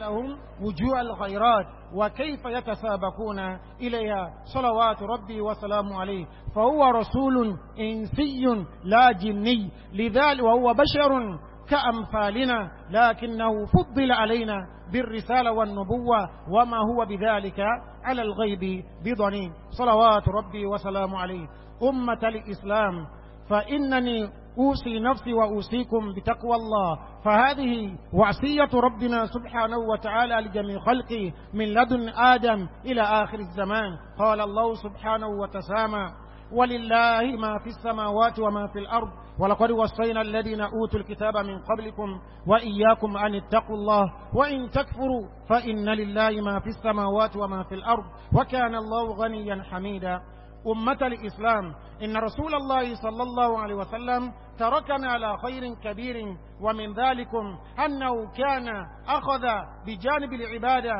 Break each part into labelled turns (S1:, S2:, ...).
S1: لهم
S2: وجوه الخيرات وكيف يتسابقون إليها صلوات ربي وسلام عليه فهو رسول إنسي لا جني لذلك وهو بشر كأمثالنا لكنه فضل علينا بالرسالة والنبوة وما هو بذلك على الغيب بضنين صلوات ربي وسلام عليه أمة الإسلام فإنني أوصي نفسي وأوصيكم بتقوى الله فهذه وصية ربنا سبحانه وتعالى لجميع خلقه من لدن آدم إلى آخر الزمان قال الله سبحانه وتسامى ولله ما في السماوات وما في الأرض ولقد وصينا الذين أوتوا الكتاب من قبلكم وإياكم أن اتقوا الله وإن تكفروا فإن لله ما في السماوات وما في الأرض وكان الله غنيا حميدا أمة الإسلام إن رسول الله صلى الله عليه وسلم تركنا على خير كبير ومن ذلكم أنه كان أخذ بجانب العبادة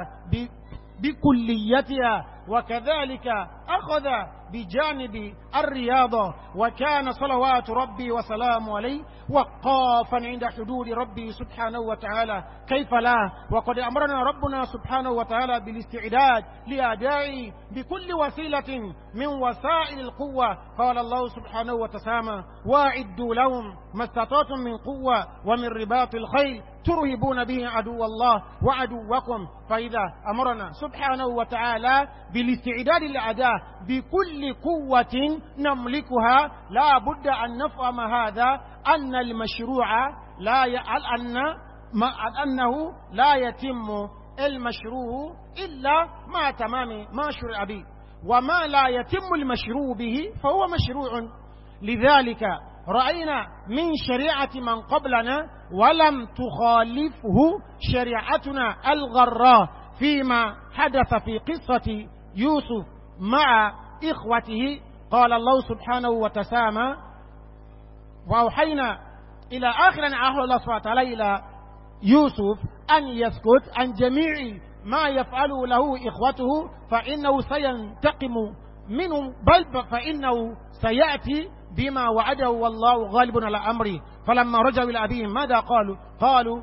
S2: بكليتها وكذلك أخذ بجانب الرياضة وكان صلوات ربي وسلام عليه وقافا عند حدود ربي سبحانه وتعالى كيف لا وقد أمرنا ربنا سبحانه وتعالى بالاستعداد لأداء بكل وسيلة من وسائل القوة قال الله سبحانه وتسامى واعدوا لهم ما استطعتم من قوة ومن رباط الخيل ترهبون به عدو الله وعدوكم فإذا أمرنا سبحانه وتعالى بالاستعداد للأداء بكل قوة نملكها لا بد أن نفهم هذا أن المشروع لا ي... أن ما... أنه لا يتم المشروع إلا مع تمام ما شرع به وما لا يتم المشروع به فهو مشروع لذلك رأينا من شريعة من قبلنا ولم تخالفه شريعتنا الغراء فيما حدث في قصة يوسف مع إخوته قال الله سبحانه وتسامى وأوحينا إلى آخر أن أهل الله سبحانه وتعالى إلى يوسف أن يسكت عن جميع ما يفعله له إخوته فإنه سينتقم منهم بل فإنه سيأتي بما وعده والله غالب على أمره فلما رجعوا إلى أبيهم ماذا قالوا قالوا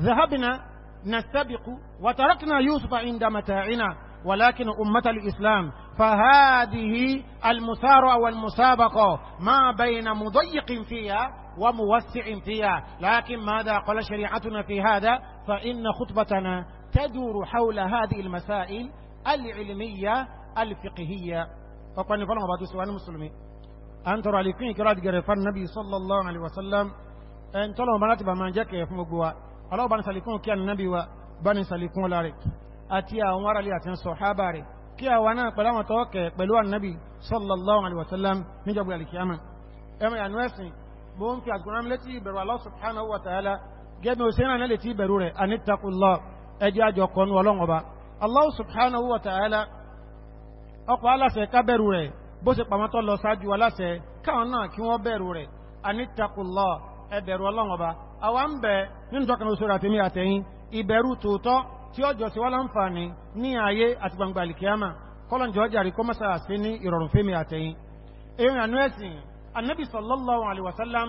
S2: ذهبنا نستبق وتركنا يوسف عند متاعنا ولكن أمة الإسلام فهذه المسارعة والمسابقة ما بين مضيق فيها وموسع فيها لكن ماذا قال شريعتنا في هذا فإن خطبتنا تدور حول هذه المسائل العلمية الفقهية فقال فلما بعد سؤال المسلمين أن ترى لكين كراد جرفان النبي صلى الله عليه وسلم أن تلو مراتب ما جاك يفمقوا الله بان سالكون كان النبي وبان سالكون لارك àti àwọn aráàlú àti sọ̀hábà rẹ̀ kí àwa náà pẹ̀lú àwọn tọ́ọ̀kẹ̀ pẹ̀lú ànábì sallallahu alaihi wasallam níjọba alìkíyàmà ẹmọ ìyànú ẹ̀sìn bó ń fi àgbọ̀nrán létí ìbẹ̀rù Allah subhanahu wa ta'ala gẹ́gẹ́ o sẹ́nà náà létí ìbẹ̀rù rẹ̀ anittaqullah ẹjẹ́ àjọ kọnu ọlọ́run ọba Allah subhanahu wa ta'ala ọkọ̀ aláṣẹ ká bẹ̀rù rẹ̀ bó ṣe pàmọ́ tó lọ ṣáájú aláṣẹ káwọn náà kí wọ́n tí ọjọ́ sí wá láǹfààní ní ayé àti gbangba alìkíyàmà kọ́lọ̀njọ́ jàrí kó mọ́sá àṣí ní ìrọ̀rùn fẹ́mi àtẹ̀yìn èyàn ànú ẹ̀sìn annabi sallallahu alaiwasallam wasallam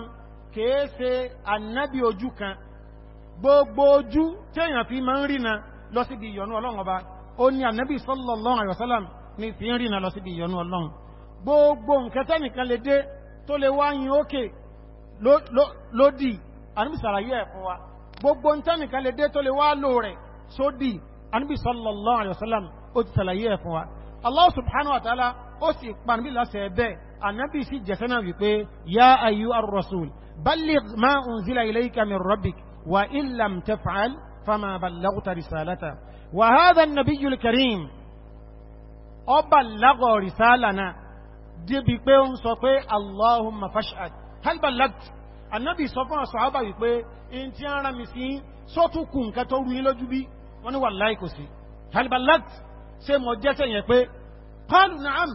S2: kèése annabi ojú kan gbogbo ojú téèyàn fi máa ń rìnà lọ síbi ìyọnú ọlọ́run ọba sallallahu alaihi wasallam ní fi ń rìnà lọ síbi ìyọnú ọlọ́run gbogbo nǹkan tẹ́nìkan lè dé tó lè wáyìn ókè lódì lè dé tó lè wá lò rẹ̀ sódì anábì sallallahu alayhi wa sallam ó ti sàlàyé ẹ̀ fún wa allah subhanahu wa ta'ala ó sì pàǹbí lásẹ̀ bẹ́ẹ̀ anábì sì jẹ́sẹ́ náà wípé ya ayu ar-rasul balligh ma unzila ilayka min rabbik wa in lam taf'al fama ballaghta risalata wa hadha an-nabiyyu al-karim ó ballagha risalana débi pé ń sọ pé allahumma fash'ad hal ballagta anábì sọ fún àṣọ àbá wípé in ti ń mi sí sọ́tún nǹkan tó rú yín bí wọ́n ní wallahi kò sí halibalat ṣe mọ̀ jẹ́ sẹ́yìn pé qalu na'am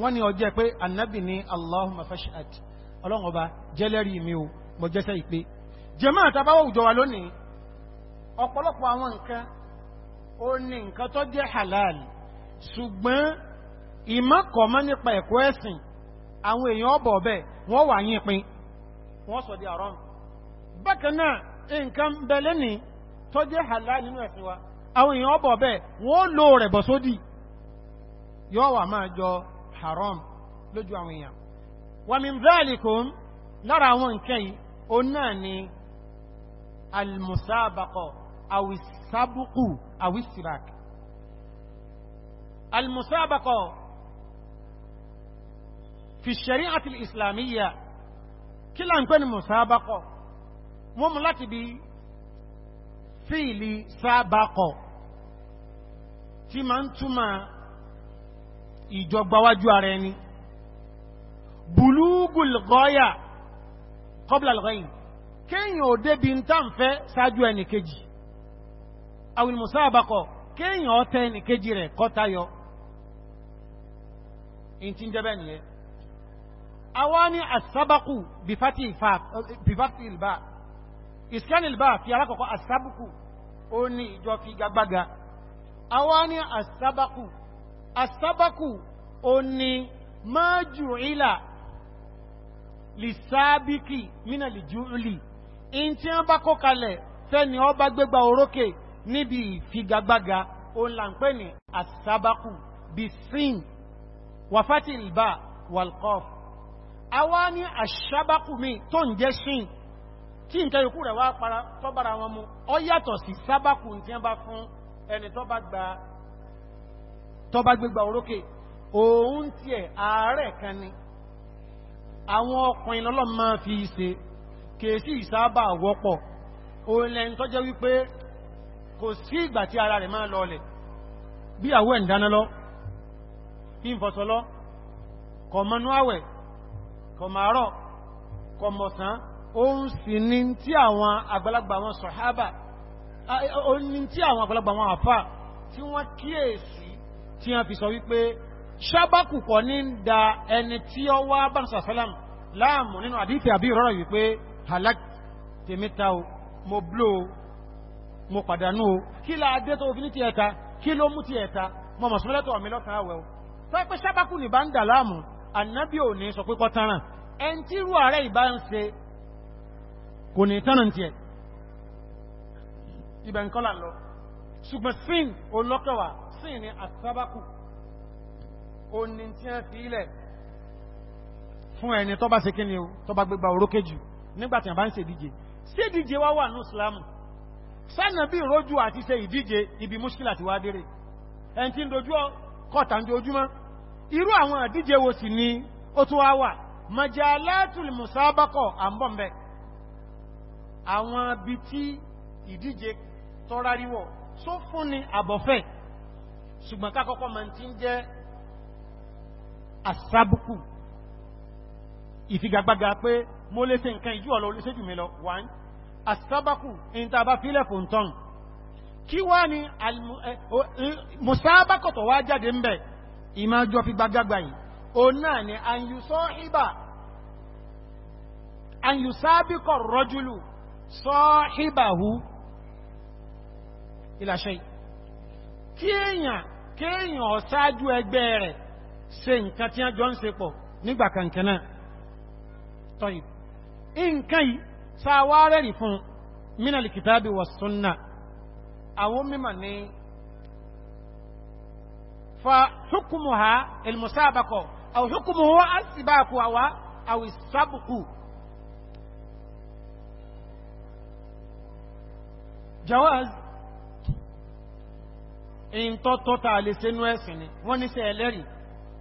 S2: wọ́n ní ọjẹ́ pé annabi allahumma fashhad ọlọ́run ọba mi o mọ̀ jẹ́ sẹ́yìn pé jẹ́mọ́ àtàbáwọ̀ òjò wa lónìí ọ̀pọ̀lọpọ̀ àwọn nǹkan tó jẹ́ halal nínú ẹ̀sìn àwọn èèyàn ọbọ̀ bẹ́ẹ̀ wọ́n lò rẹ̀ bọ̀ sódì yóò wà máa jọ haram lójú àwọn èèyàn wa min dhalikum lára àwọn nǹkan yìí ó náà ni almusabaqo awisabuku awisibak almusabaqo fi shari'ati islamiyya kí là ń pè ní musabaqo wọ́n mú láti bí fíìlì sábàkọ̀ tí ma ń túmọ̀ ìjọgbawájú ara ẹni bulugul gọ́yà kọ́bla lọ́yìn kéyìn ò débi ń tàn fẹ́ sáájú ẹni kejì àwọn ìmùsáàbàkọ̀ kéyìn ọ̀tẹ́ ẹni kejì rẹ̀ kọ́tayọ in ti ń jẹ́ bẹ́ẹ̀ ìsìkánil bá fi alákọ̀ọ́kọ́ asábùkù ó ní ìjọ fi gagbága awá ní asábàkù asábàkù ó ní máa jù ìlà lìsábìkì mínà lè jù ìlì in tí wọ́n bá kó kalẹ̀ fẹ́ni ọ bá gbégbá orókè níbi ìfigagbága ó là ní asábàkù bí sin wàfátìlbà wàlkọ́f awá ní asábàkù mi tó ń jẹ́ sin tí nǹkan yòókù rẹ̀ wá para tó bára wọn mú ọ yàtọ̀ sí sábàkù tí wọ́n bá fún ẹni tó bá gba tó bá gbégbà orókè òun tiẹ̀ ààrẹ kan ni àwọn ọkùnrin lọ́lọ́m máa fi ṣe kèsí ìsábà wọ́pọ̀ olẹ́ni tó jẹ́ wípé kò sí ìgbà tí ara rẹ̀ máa lọlẹ̀ bí àwọ̀ ẹ̀ndáná lọ kí òun sì ni tí àwọn àgbàlagbà wọn sọ̀hábà òun ni tí àwọn àgbàlagbà wọn àfà tí wọ́n kíyèsí tí wọ́n fi sọ wípé ṣábàkù kọ́ ní da ẹni tí ó wá bánsà sálàm láàmù nínú àdífẹ́ àbí ìrọ́rọ̀ wípé halak tèmítà o mo bló o mo pàdánù o kí la adé tó fi ní ti ẹ̀ta kí ló mú ti ẹ̀ta mo mọ̀ sọ́lẹ́tọ̀ ọ̀mí lọ́kàn àwẹ̀ o tó pé ṣábàkù ní bá kò ní tánà tí ẹ̀ ibẹ̀ ń kọ́là lọ ṣùgbọ́n sin olókẹwà sin ni àtàbákù o ní tí ẹ fi ilẹ̀ fún ẹni tó bá ṣe kí ni o tó bá gbégbá orókè jù nígbàtí àbá ń ṣe ìdíje sí ìdíje wá wà ní ìsìlámù sánà bí ìrójú àti ṣe ìdíje ibi múṣkílà ti wá dére ẹni tí ń dojú kọta ń dojúmọ́ irú àwọn ìdíje wo sì ni ó tún wá wà majalátul musabakọ̀ àwọn bí tí ìdíje tọ́ráríwọ̀ tó fún ni àbọ̀fẹ́ ṣùgbọ́n kákọ́kọ́ ma ti ń jẹ́ àsábùkù ìfigagbága pé mo lè ṣe nǹkan ìjú ọ̀lọ́ olóṣèjù mi lọ wọ́n àsábàkù in ta bá fílẹ̀ fún tán kí wá ní musábàkọ̀tọ̀ wá jáde ń bẹ̀ ìmájọ́ fi gbagbagba yìí o náà ni an yusọ́ ibà rọ́júlù sọ́híbàhú ìlàṣẹ́ kí èyàn kí èyàn ọ̀sáájú ẹgbẹ́ rẹ̀ ṣe nǹkan tí a jọ ń ṣe pọ̀ nígbà kankan náà tọ́yì nǹkan yìí sáwárẹ̀ rí fún mínàlì kìtàbí wà súnnà àwọn mímọ̀ ní fa hukumuha ilmusabako aw hukumuhu al-sibaku aw as-sabqu jawaz in tó tó ta lè ṣe nú ẹ̀sìn ni wọ́n ní ṣe ẹlẹ́rìí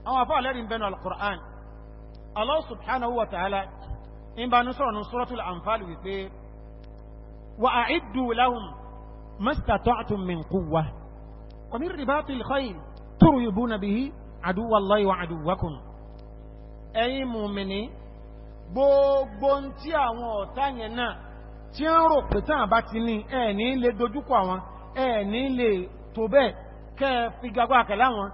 S2: àwọn afọ́ ẹlẹ́rìí ń bẹnu al-Qur'an Allah subhanahu wa ta'ala in bá ní sọ̀rọ̀ ní suratul anfal wípé wa a'iddu lahum mastata'tum min quwwa wa min ribatil khayl turhibuna bihi aduwallahi wa aduwwakum ẹ̀yin mùmìnì gbogbo tí àwọn ọ̀tá yẹn náà tí ń rò pé tán àbá ti ní ẹ ní lè dojúkọ àwọn ẹ ní lè tó bẹ́ẹ̀ kẹ́ ẹ fi gagbá kẹlá wọn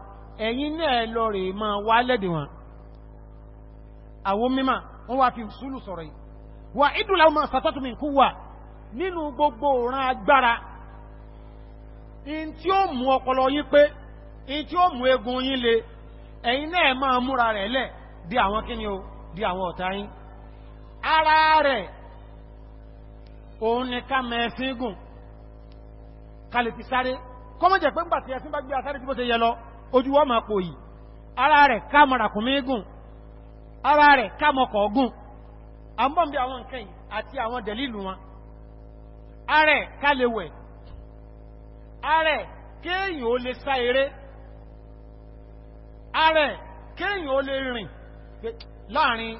S2: ẹ̀yìn náà lọ rè máa wá lẹ́dì wọn àwọn mímọ̀ wọ́n wá fi sùúlù sọ̀rọ̀ yìí wà ìdúlà ọmọ sàtọ́tùmí kú wà nínú gbogbo òran agbára in ó mú ọpọlọ yín pé in ó mú egun yín le ẹ̀yìn náà máa múra rẹ̀ lẹ̀ di àwọn kíni o di àwọn ọ̀tá yín ara rẹ̀ òun ni ká mẹ́ẹ̀sìn gùn kalè ti sáré kọ́mọ̀ jẹ́ pé ń pàtí ẹ̀sìn bá gbé asáré tí bó ṣe yẹ lọ ojú wọ́n máa pò yìí ara rẹ̀ ká mọ̀ràkùnmí gùn ara rẹ̀ ká mọ̀kọ̀ gùn àmọ́ bí àwọn nǹkan yìí àti àwọn dẹ̀lílù wọn ara ẹ̀ ká lè wẹ̀ ara ẹ̀ kéèyàn ó lè sá eré ara ẹ̀ kéèyàn ó lè rìn láàrin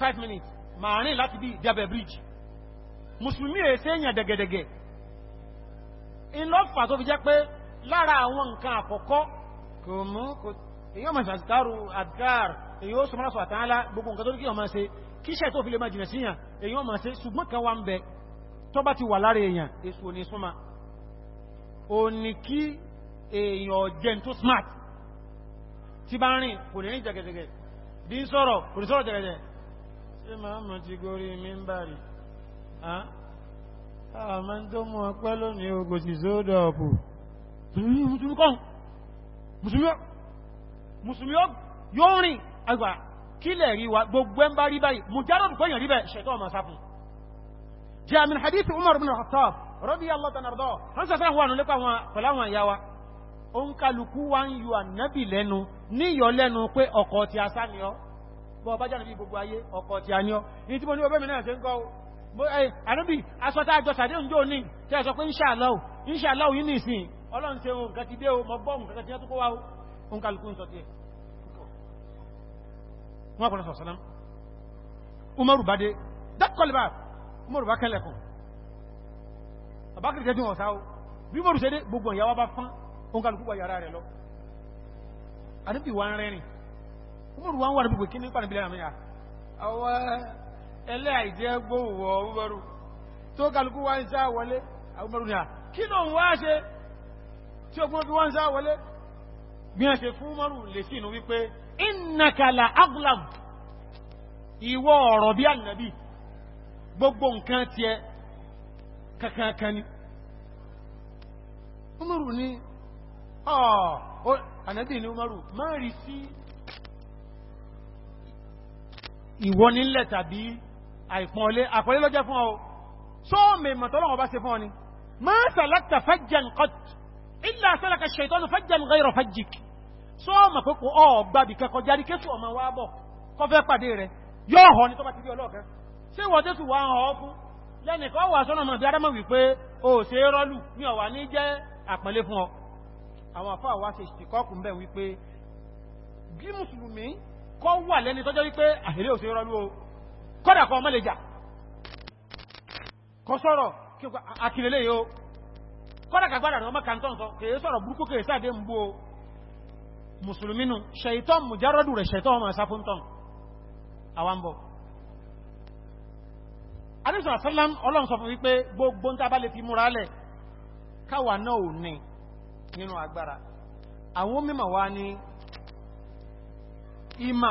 S2: 5 minutes màárín láti bí ìjábẹ̀ bridge mùsùlùmí èsẹ́ èyàn dẹ̀gẹ̀dẹ̀gẹ̀ inọ́fà tó fi jẹ́ pé lára àwọn nǹkan àkọ́kọ́ kò mú kò èyàn mọ̀ ṣàtàrù àdáàr èyàn ó sọ mọ́lá sọ àtàálá gbogbo nǹkan tó rí kí ọmọ ṣe kíṣẹ́ tó fi lè máa jìnà síyàn èyàn mọ̀ ṣe ṣùgbọ́n kan wá ń bẹ tó ti wà lára èyàn èsù òní súnmà òní kí èyàn jẹ́ tó smart tí bá rìn kò ní jẹ́gẹ̀jẹ̀gẹ̀ bí ń sọ̀rọ̀ kò ní sọ̀rọ̀ jẹ́gẹ̀jẹ̀ ṣe ti gorí mímbàrí àmọ́ tó mú ọpẹ́ lónìí ogo ti sódà ọ̀pù mùsùlùmí o mùsùlùmí o rìn àgbà kílẹ̀ ri wa gbogbo mba rí báyìí mùjárọ̀dù pẹ̀yàn rí bẹ̀ ṣẹ̀tọ́ ọmọ ja hadith umar ibn khattab radiyallahu ta'ala anhu han sa wanu wa ti ọ gbogbo ti mi Eh, ànábì asọ́tá àjọsàdé ń jò ní tí a sọ pé inṣàlọ́ inṣàlọ́ yìí ní ìsìn ọlọ́run ṣe ohun kàtí dé o mọ́ gbọ́ ohun kàtí tó kó wá ohun kàlùkù ń sọ tí ẹ wọ́n kọ́nà sọ̀sọ́lá umaru bá dé dákọlùbá umaru bá kẹ́lẹ̀kùn àbákìrì jẹ́jú o bí umaru ṣe dé gbogbo ìyàwó bá fán ohun kàlùkù wá yàrá rẹ̀ lọ ànábì wá ń rẹ́rìn umaru wá ń wà ní gbogbo kí ní pàdé ẹlẹ́ àìjẹ́ gbóhùwọ̀ ọmọrú tó kálukú wá ń sá wọlé ọmọrú ni à kí ló ń wá ṣe tí ogun fi wá ń sá wọlé gbìyànṣe fún mọ́rù lè sí inú wípé ìnàkàlà aglam ìwọ ọ̀rọ̀ bí ànàbí gbogbo nǹkan ti kankan ni umaru ni ọ̀ ànàbí ni umaru máa rí sí ìwọ nílẹ̀ tàbí àìpọ̀nlé àpọ̀lé lọ́jẹ́ fún ọ só mẹ́mọ̀ tọ́lọ́wọ́ bá ṣe fún ọ ni ma salakta fajjan qat illa salaka shaytanu fajjan ghayra fajjik só mọ̀ pé kò ọ̀gbà bí kẹkọ járí kéṣù ọmọ wa bọ̀ kọ fẹ́ pàdé rẹ yóò hàn ní tó bá ti rí ọlọ́ọ̀kẹ́ ṣé wọ́n tẹ́sù wá hàn ọ́ fún lẹ́nìkan wà sọ́nà mọ̀ bí adámọ̀ wípé o ṣe rọ́lù ní lẹ́ni tọ́jọ́ wípé àhẹ́lẹ́ ò kọ́dà kan mọ́ lè jà kọ sọ́rọ̀ àkìlẹ̀lẹ̀ yóò kọ́dà kàgbàdà ọmọ kàntọ́ sọ kèé sọ̀rọ̀ burúkú kèé sáàdé ń gbó musulminu ṣẹ̀tọ́n mujarọ́dù rẹ̀ ṣẹ̀tọ́ ọmọ sáfúntọ́n àwambọ̀ adéṣọ́ àsálám ọlọ́run sọ fún wípé gbogbo ń tábà lè fi múra lẹ̀ káwà náà ò ní nínú agbára àwọn mímọ̀ wá ní ìmà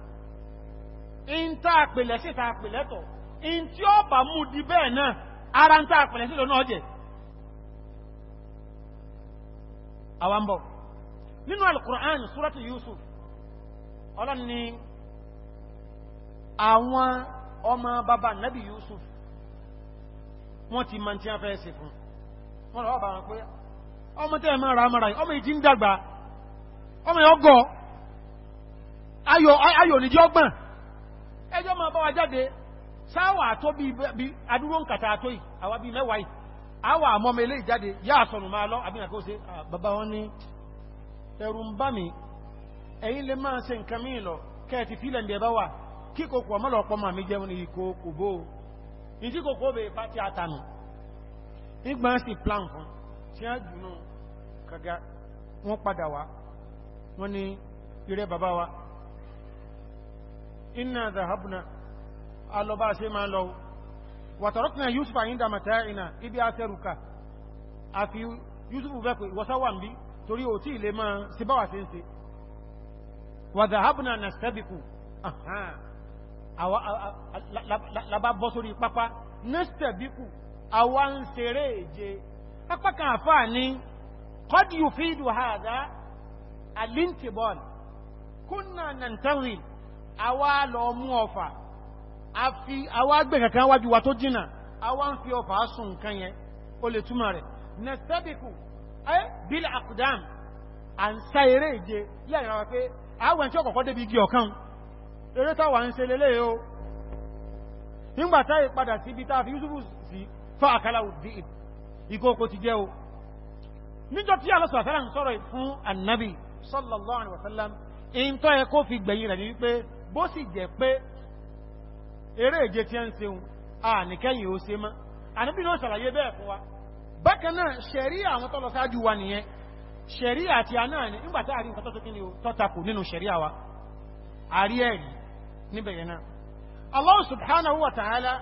S2: in tá a pè a in mú di bẹ́ẹ̀ ara ń a pè náà jẹ́ nínú al-Qur'an suratu Yusuf ọlọ́n ni àwọn ọmọ bàbá nabi Yusuf wọ́n ti mọ̀ ti a fẹ́ ṣe fún
S3: wọ́n lọ́wọ́ bá wọn pé
S2: ọmọ tẹ́ ẹjọ́ máa bá wa jáde sáwà tó bí adúró ń kàtà àtó yìí àwa bí mẹ́wàá yìí àwà àmọ́mẹ́ ilé ìjáde yá àsọ̀nù máa lọ àbínàkó ṣe ah, bàbá wọn ní ẹ̀rù ń bá mi ẹ̀yin lè máa ṣe nǹkan mí lọ kẹ́ẹ̀tì fílẹ̀ ń bẹ̀ wà kí kòkò ọmọlọ ọpọ máa mi jẹun ní ìkó bó ìjí kòkò bè bá ti àtànù nígbà sí plan kan tí a jùnú kàga wọ́n padà wá wọ́n ní ire bàbá wa inna dhahabna alọba ṣe máa lọ wàtàrọ́tìnà yusuf àyíndà mata'ina ibi afẹ́ruka àfi yusuf bẹ́kù ìwọ́sáwà ń bí torí ò tí ilé máa sí báwà sí ń se wà dhahabna nastabiqu labá bọ́ sórí pápá nastabiqu àwa ń seré èje apákan àfáà ní qad yufidu hadha alintibol kunna nantazil àwa lọ mú ọfà a fi àwa gbé kankan wájú wa tó jìnà àwa ń fi ọfà sùn nǹkan yẹn ó lè túmọ̀ rẹ̀ nẹ́sẹ́bìkù ẹ́ bílá àkùdám à ń sá eré ìje lẹ́yìn àwọn pé àwọn tí ó kọ̀kọ́ débi igi ọ̀kan eré táwà ń ṣe lélẹ́ o nígbàtá ìpadà sí ibi táa fi Yusufu sí fọ́ àkàlà òdí ìkókò ti jẹ́ o níjọ tí alọ́sọ̀ àfẹ́lá ń sọ̀rọ̀ fún annabi sallallahu alaihi wasallam in tó ẹ kó fi gbẹ̀yìn rẹ̀ ní wípé bó sì jẹ́ pé eré èje tí a ń seun a nìkẹ́yìn ó se mọ́ àníbí náà ṣàlàyé bẹ́ẹ̀ fún wa bákan náà ṣẹ̀rí àwọn tọ́lọ sáájú wa nìyẹn ṣẹ̀rí àti àná ní nígbàtá àrí nǹkan tọ́tọ́kí ni ó tọ́takù nínú ṣẹ̀rí àwa àrí ẹ̀rí níbẹ̀rẹ̀ náà Allah subhanahu wa ta'ala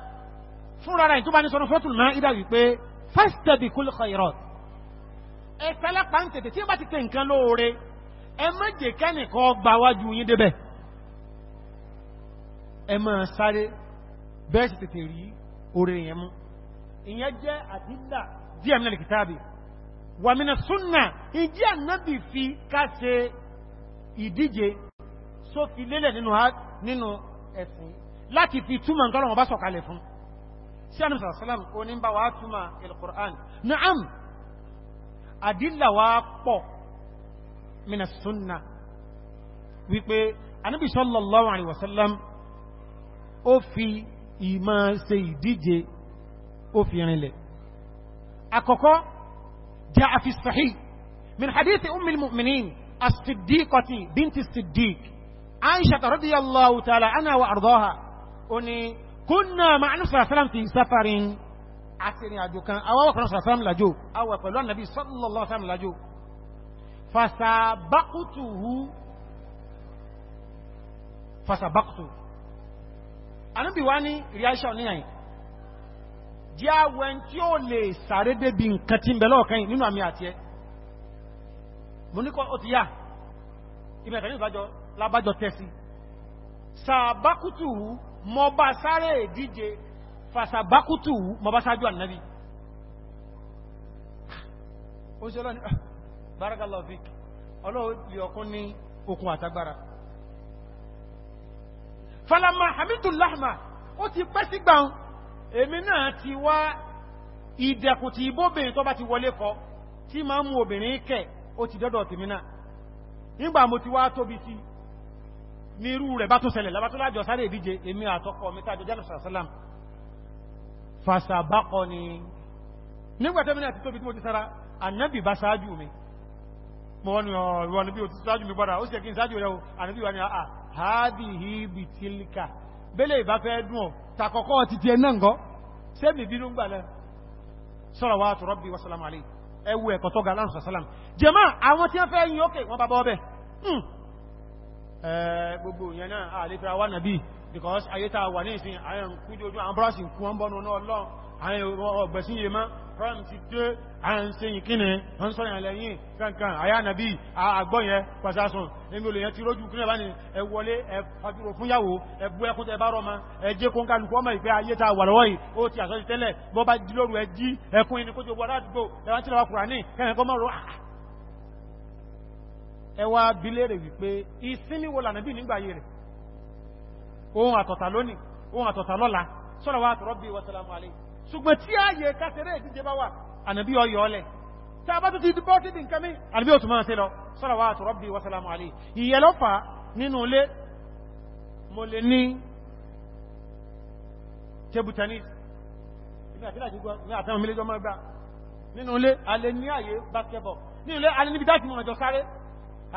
S2: fún rárá ìtú bá ní sọ́nà fọ́tún náà ìdá wípé fastabiqul khairat ẹ̀fẹ́lápá ń tètè tí ó bá ti tẹ nǹkan lóore ẹ má jẹ́ kẹ́nìkan gbawájú yín débẹ̀ ẹ máa sáré bẹ́ẹ̀sì tètè rí orí èèyàn mú ìyẹn jẹ́ àdílà díẹ̀ mílẹ̀ kìtàbí wà mí na súnà ìjí ànábì fi káṣe ìdíje só fi lélẹ̀ nínú ẹ̀sìn láti fi túmọ̀ nǹkan ọ̀rọ̀ bá sọ̀kalẹ̀ fún sí ànàbì sàlám ó ní bá wà túmọ̀ al-Qur'an na'am àdílà wà ó fi ìmọ̀ ṣe ìdíje ó fi rinlẹ̀ àkọ́kọ́ jaa fi sahih min hadith ummil mu'minin as-siddiqati binti siddiq aisha radiyallahu ta'ala anha wa ardaha ó ní kunna ma'an sallam fi safarin àti ìrìn àjò kan awọ́wọ́ kan sallam lájò awọ́ pẹ̀lú annabi sallallahu alaihi wasallam lájò anábì wá ní reaction ní àyìn jẹ́ àwọn tí ó lè sáré débi nǹkan tí ń bẹ̀lọ́ ọ̀kan nínú àmì àti ẹ mo ní kọ́ ó ti yá ìbẹ̀ẹ̀kẹ́ ní ìbájọ́ lábájọ́ tẹ́sí sàbákútù mọ́ bá sáré ìdíje ah, ọkún ní okun àtagbára falama hamidu lahma ó ti pẹ́ sí gbàun èmi náà ti wá ìdẹ̀kùn tí ibóbìnrin tó bá ti wọlé kọ tí máa mú obìnrin kẹ ó ti dọ́dọ̀ tèmi náà nígbà mo ti wá tóbi sí ní irú rẹ̀ bá tó ṣẹlẹ̀ lábátó lájọ sáré ìdíje èmi àtọ́kọ mi tàjọ jálù sàásálàm fàṣàbákọ ni nígbàtẹ́mi náà ti tóbi tí mo ti sára annabi bá ṣáájú mi mọ́ ní ah, ọ̀rọ̀ níbi òtí sáájú mi padà ó sì ẹ̀kí sáájú rẹ̀ àníbí wà ní àà ah, hádìí ibi tílíkà bẹ́lẹ̀ ìbá fẹ́ dùn ọ̀ takọ̀kọ́ ti ti ẹ̀nà ǹgọ́ sẹ́mì bínú gbà lẹ́ sọ́rọ̀ wá tọ̀rọ̀ bí wasalam alẹ́ ẹwù ẹ̀kọ́ tó ga lánàá sàlám jẹ́mà àwọn tí wọ́n fẹ́ yìn ókè wọ́n bá bọ́ hmm. because ayé ta wà ní ìsìn àwọn kújọ ojú àwọn bọ́ọ̀sì kú wọn bọ́nu náà Ibrahim ti dé à ń ṣe ìkíni wọ́n sọ ìyàn lẹ́yìn kankan àyà nàbí àgbọ́ yẹn pàṣásùn níbi olè yẹn ti rójú kí náà ní ẹ wọlé ẹ fàbírò fún yàwó ẹ bú ẹkún tẹ bá rọ ma ẹ jẹ́ kó ń kálukú ọmọ ìpẹ́ ayé ta wà lọ́wọ́ yìí ó ti àṣọ́jú tẹ́lẹ̀ bọ́ bá jí lóru ẹ jí ṣùgbọ́n tí ààyè kásẹ̀rẹ́ ìdíje bá wà ànàbí ọyọ́ ọlẹ̀ tí a bá tó ti dìbọ́ sí dìnkà mí ànàbí òtù máa ṣe lọ sọ́lọ̀wà àtọ̀rọ̀bì wasalamu alẹ́ ìyẹlọ́fà nínú ilé mo lè basketball nínú ilé alẹ́ níbi dáàtì mọ̀ ọjọ́ sáré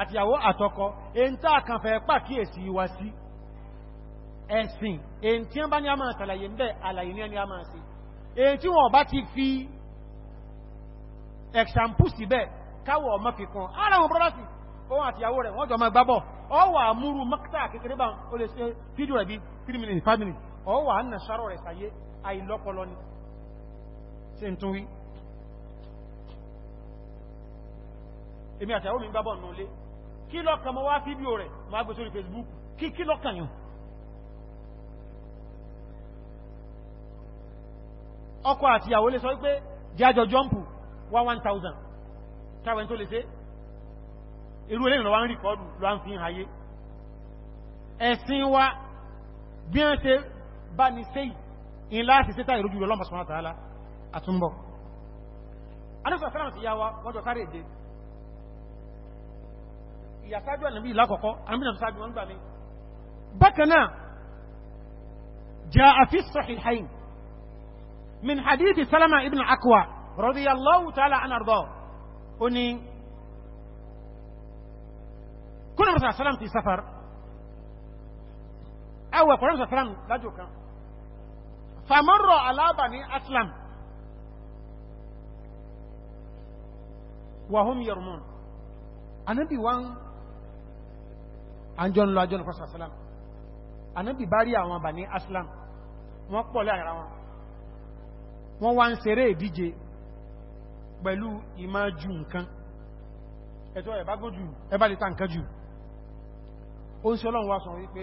S2: àtìyàwó àtọkọ èyí tí a kàn fẹ́ pàkíyèsí wa ẹ̀sìn èyí tí wọ́n bá ní a máa tàlàyé ń bẹ́ àlàyé ní ẹni a máa sí èyí tí wọ́n bá ti fi ẹ̀ṣàmpù síbẹ̀ káwọ̀ ọmọ fi kan ara wọn brọ́dásì ohun àtìyàwó rẹ̀ wọ́n jọ ma gbábọ̀ ọwà múrù mọ́kítà kékeré bá o lè ṣe fídíò rẹ̀ bí 3 minutes 5 ni ṣe ń tún rí èmi àtìyàwó mi gbábọ̀ nù lé kí lọ́kàn mọ́ wá fídíò rẹ̀ máa Facebook kí kí lọ́kàn ọkọ àti ìyàwó lè sọ wípé jájọ jọ́mpù wá 1000 káwẹ́ tó lè ṣe irú ilé ìrọ̀wà ń rí kọ́dù lọ ń fi ń hayé ẹ̀sìn wa bí wọ́n ṣe bá ní sí in láti sétà ìrójú rẹ̀ lọ́mọ̀ sọ́nà tààlà àtúnbọ̀ anúsọ̀ fẹ́ràn ti yá wa wọ́n jọ kárẹ̀ èdè ìyàsájú ànàbí ìlàkọ̀ọ́kọ́ àmìnà tó sáájú wọn gbà mí bákan náà jẹ́ àfíṣọ́ ìhàyìn من حديث سلمة ابن أكوى رضي الله تعالى عن أرضاه أني كنا رسول الله سلام في سفر أو رسول الله سلام لا جوكا فمر على بني أسلم وهم يرمون anabi wọn àjọ ńlọ àjọ ńlọ sàlám anabi bá rí àwọn bà ní aslam wọn pọ̀ lẹ́ àyàrá wọn wọ́n wá ń ṣeré ìdíje pẹ̀lú ìmá jù nǹkan ẹ̀tọ́ ẹ̀bágó jù ẹbá lè ta nǹkan jù ó ń ṣe ọlọ́run wá sọ wípé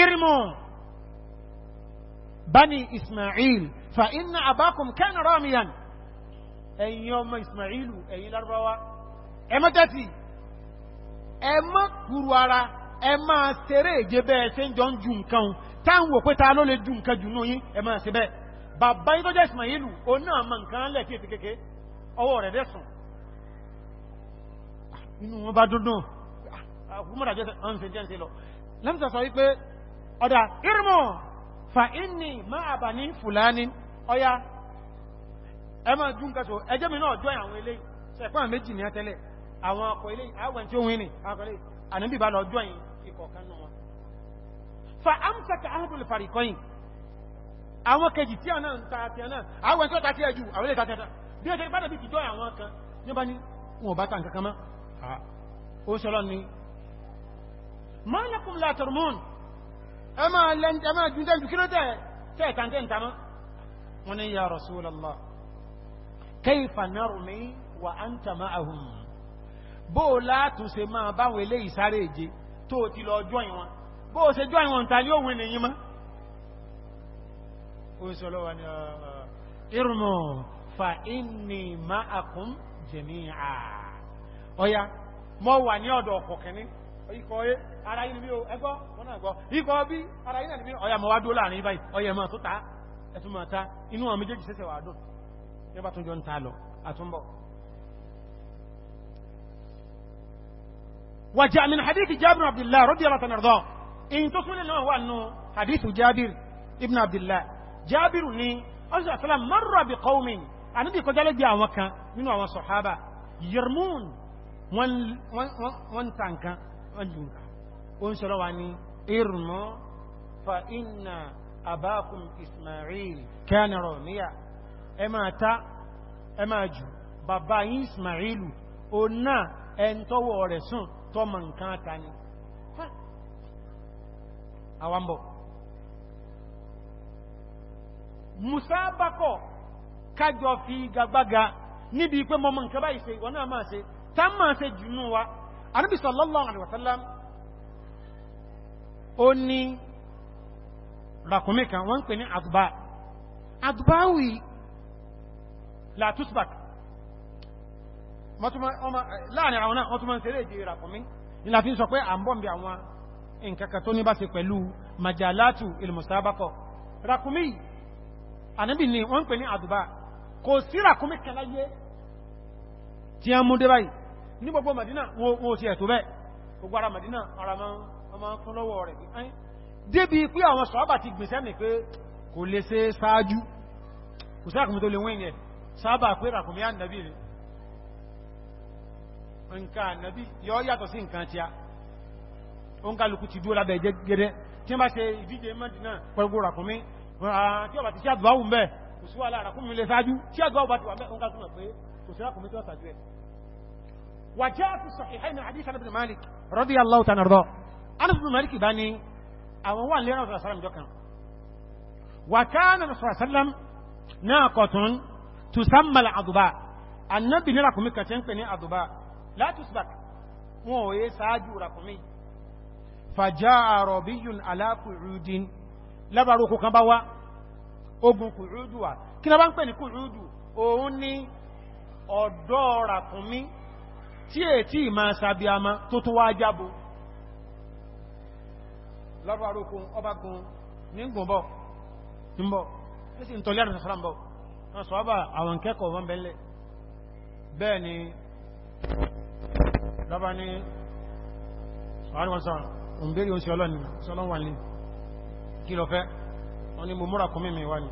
S2: irmọ̀ bani ismail fa inna abakum kana ramiyan ẹ̀yin ọmọ ismailu ẹ̀yin lárúbáwá ẹmọ́tẹ́sì ẹmọ́ kúrú ara ẹ máa ṣeré ìjẹbẹ́ táwọn pé ta ló lè ju nǹkan jù náà yín ẹ máa ṣe bẹ́ẹ̀ bàbá yí tó jẹ́ Ismailu o náà ma nǹkan lẹ̀ tí ètì kéèké ọwọ́ rẹ̀ dẹ́sùn inú wọn bá dúdún fa inni ma àbà fulani ọya ẹ máa dún kẹsọ ẹjẹ́ mi náà jọ àwọn ilé sẹ̀pọ̀ méjì ní àtẹ́lẹ̀ àwọn akọ ilé àwọn tí ó wí ní akọ ilé àníbì bá lọ jọ ikọ̀ kan náà fa amsaka ahadul farikoyin àwọn kejì tí ọ̀nà ń ta àti ọ̀nà àwọn tí ó ta sí ẹjù àwọn ilẹ̀ tàtàtà bí ó ṣe bá dàbí ìjọ àwọn kan ní bá ní wọn bá ta nǹkankan mọ́ ó sọ́lọ́ ni ma lakum la turmun ẹ máa jùndẹ́ jù kí ló tẹ́ tẹ́ẹ̀tàntẹ́ ìtàmọ́ wọn ni ya rasulallah kayfa narmi wa anta ma'ahum bó látúnṣe máa báwọn ilé ìsáré èje tó ti lọ jọ ìwọn bó o ṣe jọ ìwọ̀n ta ní òwin nìyí mọ́ o sọ lọ́wọ́ ni ah, ah, irmọ̀ fa inni ma'akum jami'a ọya mọ́ wà ní ọ̀dọ̀ ọ̀kọ̀kẹ́ni ikọ̀ ẹ ara yìí níbi ẹgbọ́ wọ́n ikọ̀ bí ara yìí níbi ọya mọ́ wá وجاء من حديث جابر عبد الله رضي الله عنه in tó súnlẹ̀ náà wà nù hadithu jabir ibn abdullah jabir ni ọjọ́ àfẹ́lá marra bi qawmin àníbì kọjá lẹ́gbẹ̀ àwọn kan nínú àwọn sọ̀hábà yarmún wọ́n tànkan wọ́n jùnkà ó ń sọ́rọ̀ wa ní irmọ́ fa inna abákùn ismail kana ramiya ẹ máa ta ẹ máa jù bàbá yín ismailu ó náà ẹn tọ́wọ́ rẹ̀ sùn tọ́mọ̀ nǹkan ta ni awambo musabako kájọ fi gagbága níbi pé mọ́mọ́ nǹkan báyìí ṣe ìwọ̀n náà máa ṣe tá máa ṣe jùnú wa Ànábì sallallahu alaihi wasallam ó ní ràkùnmí kan wọ́n ń pè ní àdùbá àdùbáwì látúsbàk láàrin àwọn náà wọ́n túnmọ̀ nǹkankan tó ní bá ṣe pẹ̀lú majalatu ilmusabakọ rakumi ànábì ni wọ́n ń pè ní àdùbá kò sí rakumi kẹláyé tí a mú dé báyìí ní gbogbo madina wọ́n ti ẹ̀tọ́ bẹ́ gbogbo ara madina ara ma kún lọ́wọ́ rẹ̀ bí débi pé àwọn sọ́ọ́bà ti gbèsẹ́ mi pé kò lè ṣe sáájú rakumi tó lè wọ́n yẹn sábà pé rakumi nǹkan ànábì yọ yàtọ̀ sí nǹkan tí a ó ń kálukú ti dúó lábẹ́ jẹ́ gẹ́gẹ́ tí wọ́n bá ṣe ìdíje mẹ́dínà pẹ̀lú ràkúnmí tí ọba ti ṣe àdúwáwù mẹ́ kò sí wà lára kúnmí lè sáájú tí àdúwáwù bá ti wà mẹ́ ó ń kálukú mọ̀ pé kò sí ràkúnmí tó ṣàjú bá ní wà lẹ́rọ̀ sọ̀rọ̀ sálàm fàjá àrọ̀bíyùn alákùrúdín lábàrú okùn kan bá wá ogun kùrúdù wà kí na bá ń pè ní kùrúdù òun ní ọ̀dọ́ ràkúnmí tí ètí ìmá sàbíamá tó tó wá jábo lábàrú okùn ọba gun ní gbùnbọ̀ níbọ̀ tí sì ń tọ́lé àrùn àwọn òun bèèrè oúnjẹ ọlọ́ni sọlọ́wà ní kí lọ fẹ́ wọ́n ni mo mú ràkúnmí mi wá ní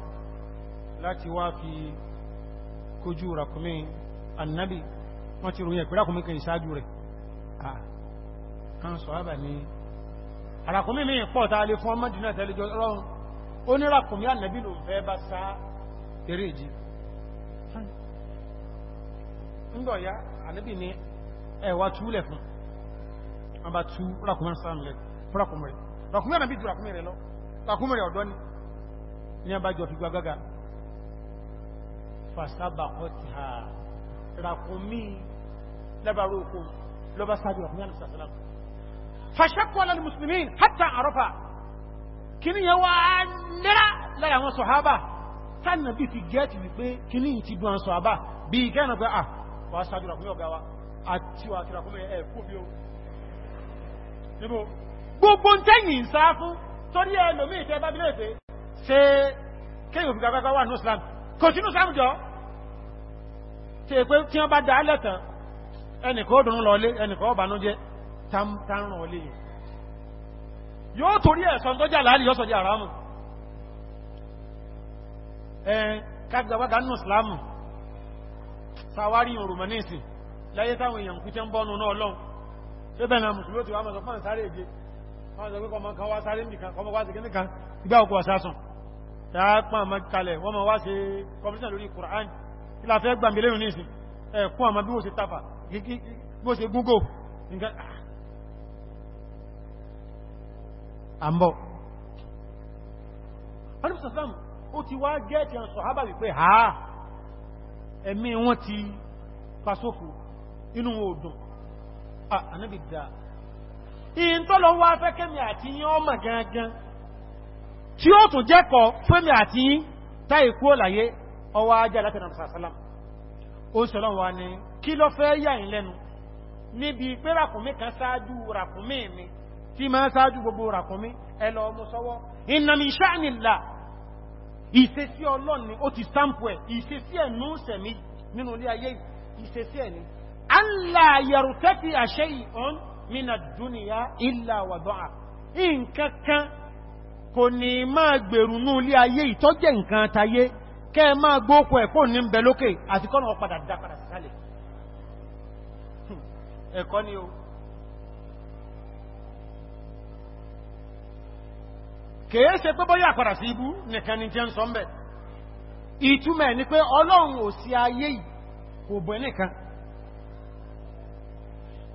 S2: láti wá fi kójú ràkúnmí annabi wọ́n ti ròyìn ẹ̀pẹ́ ràkúnmí kan ìṣáájú rẹ̀ kan sọ̀hábà ní ràkúnmí mi pọ̀ ta lè fún ọmọdé náà tẹ́lẹ̀ jọ ọlọ́run ó ní ràkúnmí annabi ló fẹ́ bá sá eré ìjì ń bọ̀ ya annabi ní ẹ̀wà túlẹ̀ fún Number two, tú rákùnmọ́ sáàmù lẹ́ fúrakùnmọ́ rẹ̀ rákùnmọ́ rẹ̀ bí ju rákùnmọ́ rẹ̀ lọ rákùnmọ́ rẹ̀ ọ̀dọ́ ni ní abájọ fi gbagága fasabakọtìhà rákùnmí lábàrú òkú lọ́bá sáájú rákùnmọ́ rẹ̀ sàtàlá fàṣẹ́kọ̀ọ́lá ni mùsùlùmí hátà àrọ́fà kìíní yẹn wá lẹ́rà lára àwọn sọ̀hábà fi gẹ́ẹ̀tì wípé ti dùn àwọn sọ̀hábà bí kẹ́ẹ̀nà pé ah, à àti wà kìràkùnmọ́ ẹ̀ kó bí ó gbogbo ń tẹ́yìn ìsá fún torí ẹlòmí ìtẹ́ bá bílẹ̀ pé ṣe kéyò fi gbàgbàgbà wà ní islam kò sínú islam jọ tí èpé tí wọ́n bá dá lẹ́tàn ẹnìkọ́ òdùnrún lọlé ẹnìkọ́ ọ̀bànújẹ́ tamtarun yóò torí Ya ẹ ṣé bẹ́ẹ̀ náà mùsùlùmí ti wá mọ̀ sọ fún àǹsáré èdè wọ́n sọ pé kọmọ kan wá sáré nìkan kọmọ wá sí kí nìkan ìgbà òkú ọ̀sásùn tààpọ̀ àmà kalẹ̀ wọ́n ma wá sí kọmíṣàn lórí Kùránì kí la fẹ́ gbàmì lẹ́yìn ní ìsìn ẹ̀kún àmà bí ó ṣe tàfà bí ó ṣe gúgò nǹkan ah. àmbọ̀ alùsọ̀sọ́m ó ti wá gẹ́ẹ̀tì àwọn sọ̀hábà wípé ha ẹ̀mí wọn ti pasófù inú òdùn Ah, ànábì dá ìyìn tó lọ wá fẹ́kẹ́mì àti yín ọmọ gangan tí ó tún jẹ́kọ̀ fẹ́mì àti yín tá ìkú òlàyé ọwá ajá látẹ̀nà sàásálàm ó sọ̀rọ̀ wa ni kí ló fẹ́ yà yín lẹ́nu níbi pé ràkùnmí kan ṣáájú ràkùnmí mi tí máa ṣáájú gbogbo ràkùnmí ẹ lọ sọ́wọ́ ìnàmì ọlọ́ni ó ti sáǹpù ẹ̀ ìṣesí ẹ̀ nú sẹ̀mí nínú ilé ayé ìṣesí ẹ̀ ni alla a shay'un min ad-dunya illa wada'a nǹkan kan kò ní máa gbèrú nú ilé ayé ìtọ́jẹ́ nǹkan tayé kẹ́ máa gbókò ẹ̀kọ́ ní ń bẹ ni o kèé ṣe pé bọ́yá àpadà sí ibú nìkan ni jẹ́ ń sọ ń bẹ̀ ìtumẹ̀ ni pé ọlọ́run ò sí ayé kò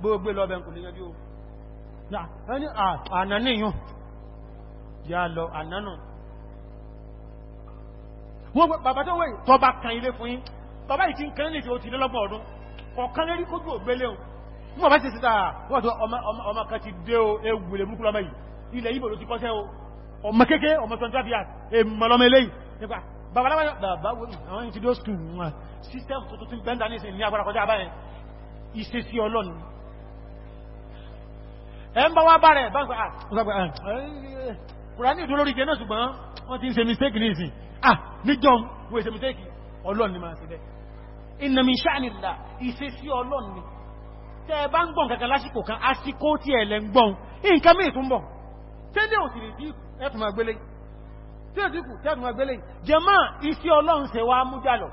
S2: gbogbo lọ́bẹ̀ kò lè yanjú ẹni ànáníyàn yà lọ ànánà wọ́n bàbá tó wẹ́ tọba kan ilé fún yín bàbá ìtí ń kẹ́lẹ̀ tí ó ti lọ́gbọ̀n ọdún ọ̀kan lérí kójú ògbélé wọn bàbá ti síta wọ́n tó ọmọ kan ti dé o ewùlé mú kúrọmọ yìí ilẹ̀ ibò ló ti kọ́sẹ́ o ọmọ kéèké ọmọ 25 years èmọ̀lọ́mọ eléyìí nípa bàbá àwọn ìtìdó skùn system tó tún bẹ́ndà ní ìsìn ní agbára kọjá báyẹn ìṣesí ọlọ́ni ẹ ń bá wá bá rẹ̀ bá gbà ah, ah, kùránì ìdúró rí jẹ náà ṣùgbọ́n wọ́n ti ń ṣe mistake ní ìsìn ah níjọ́ wọ́n se mistake ọlọ́run ni máa ṣe bẹ́ẹ̀ inna min ìṣesí ọlọ́run ni tẹ́ ẹ bá ń gbọ́n kankan lásìkò kan àsìkò tí ẹ lẹ ń gbọ́n nǹkan mí tún bọ̀ tẹ́lẹ̀ ò sì lè dínkù ẹ̀tùn àgbélé tẹ́lẹ̀ dínkù tẹ́tùn àgbélé jẹ́mọ́ iṣẹ́ ọlọ́run ṣe wá mújàlọ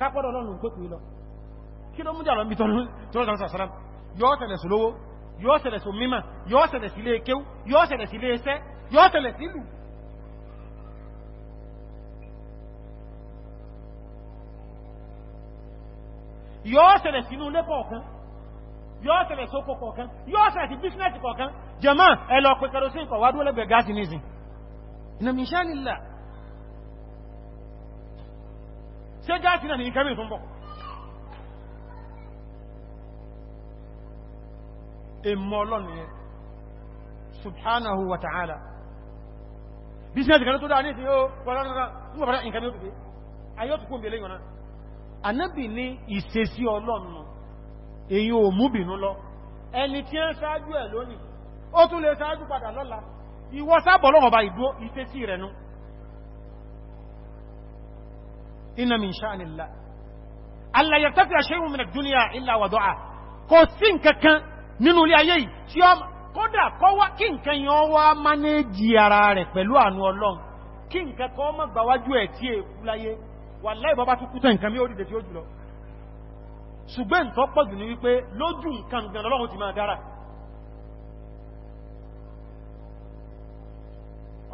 S2: kápọ́dọ̀ ọlọ́run pẹ́kù lọ kí ló mújàlọ bí tọ́lọ́ yóò ṣẹlẹ̀ sí mímọ̀ yóò ṣẹlẹ̀ sí ilé kéwú yóò ṣẹlẹ̀ sí ilé iṣẹ́ yóò ṣẹlẹ̀ sí ìlú yóò ṣẹlẹ̀ sínú ilé kọ̀ọ̀kan yóò ṣẹlẹ̀ sóko kọ̀ọ̀kan yóò ṣẹlẹ̀ sí bísínẹ̀sì kọ̀ọ̀kan jẹmọ́ ẹlọ pẹ̀ kẹrosín kọ̀ wádó lẹ́gbẹ̀ gáàsì nìsìn ìnà mìíṣẹ́ nílà ṣe gáàsì náà ní ìkẹ́mì tó ń bọ̀ èmọ́ ọlọ́run yẹn subhanahu wa ta'ala business kan tó dáa ní ìsìn yóò pọ̀lọ́run ẹni tí ń ṣáájú ẹ̀ lónìí ó tún lè ṣáájú padà lọ́la ìwọ sábọ̀ lọ́wọ́ bá ìdúró ìtẹ́sí rẹ̀ nú inna min sha'anillah alla yartafi shay'un min kò sí nǹkankan nínú ilé ayé yìí tí ó kódà kọ́ wá kí nǹkan yẹn wá mánéjì ara rẹ̀ pẹ̀lú àánú ọlọ́run kí nǹkan kọ́ mọ́ gbàwájú ẹ̀ tí èkú láyé wà láì bọ́ bá tún kúta nǹkan mí ó dìde tí ó jùlọ ṣùgbọ́n nǹkan pọ̀ jù ní wípé lójú nǹkan gan lọ́lọ́run ti máa dára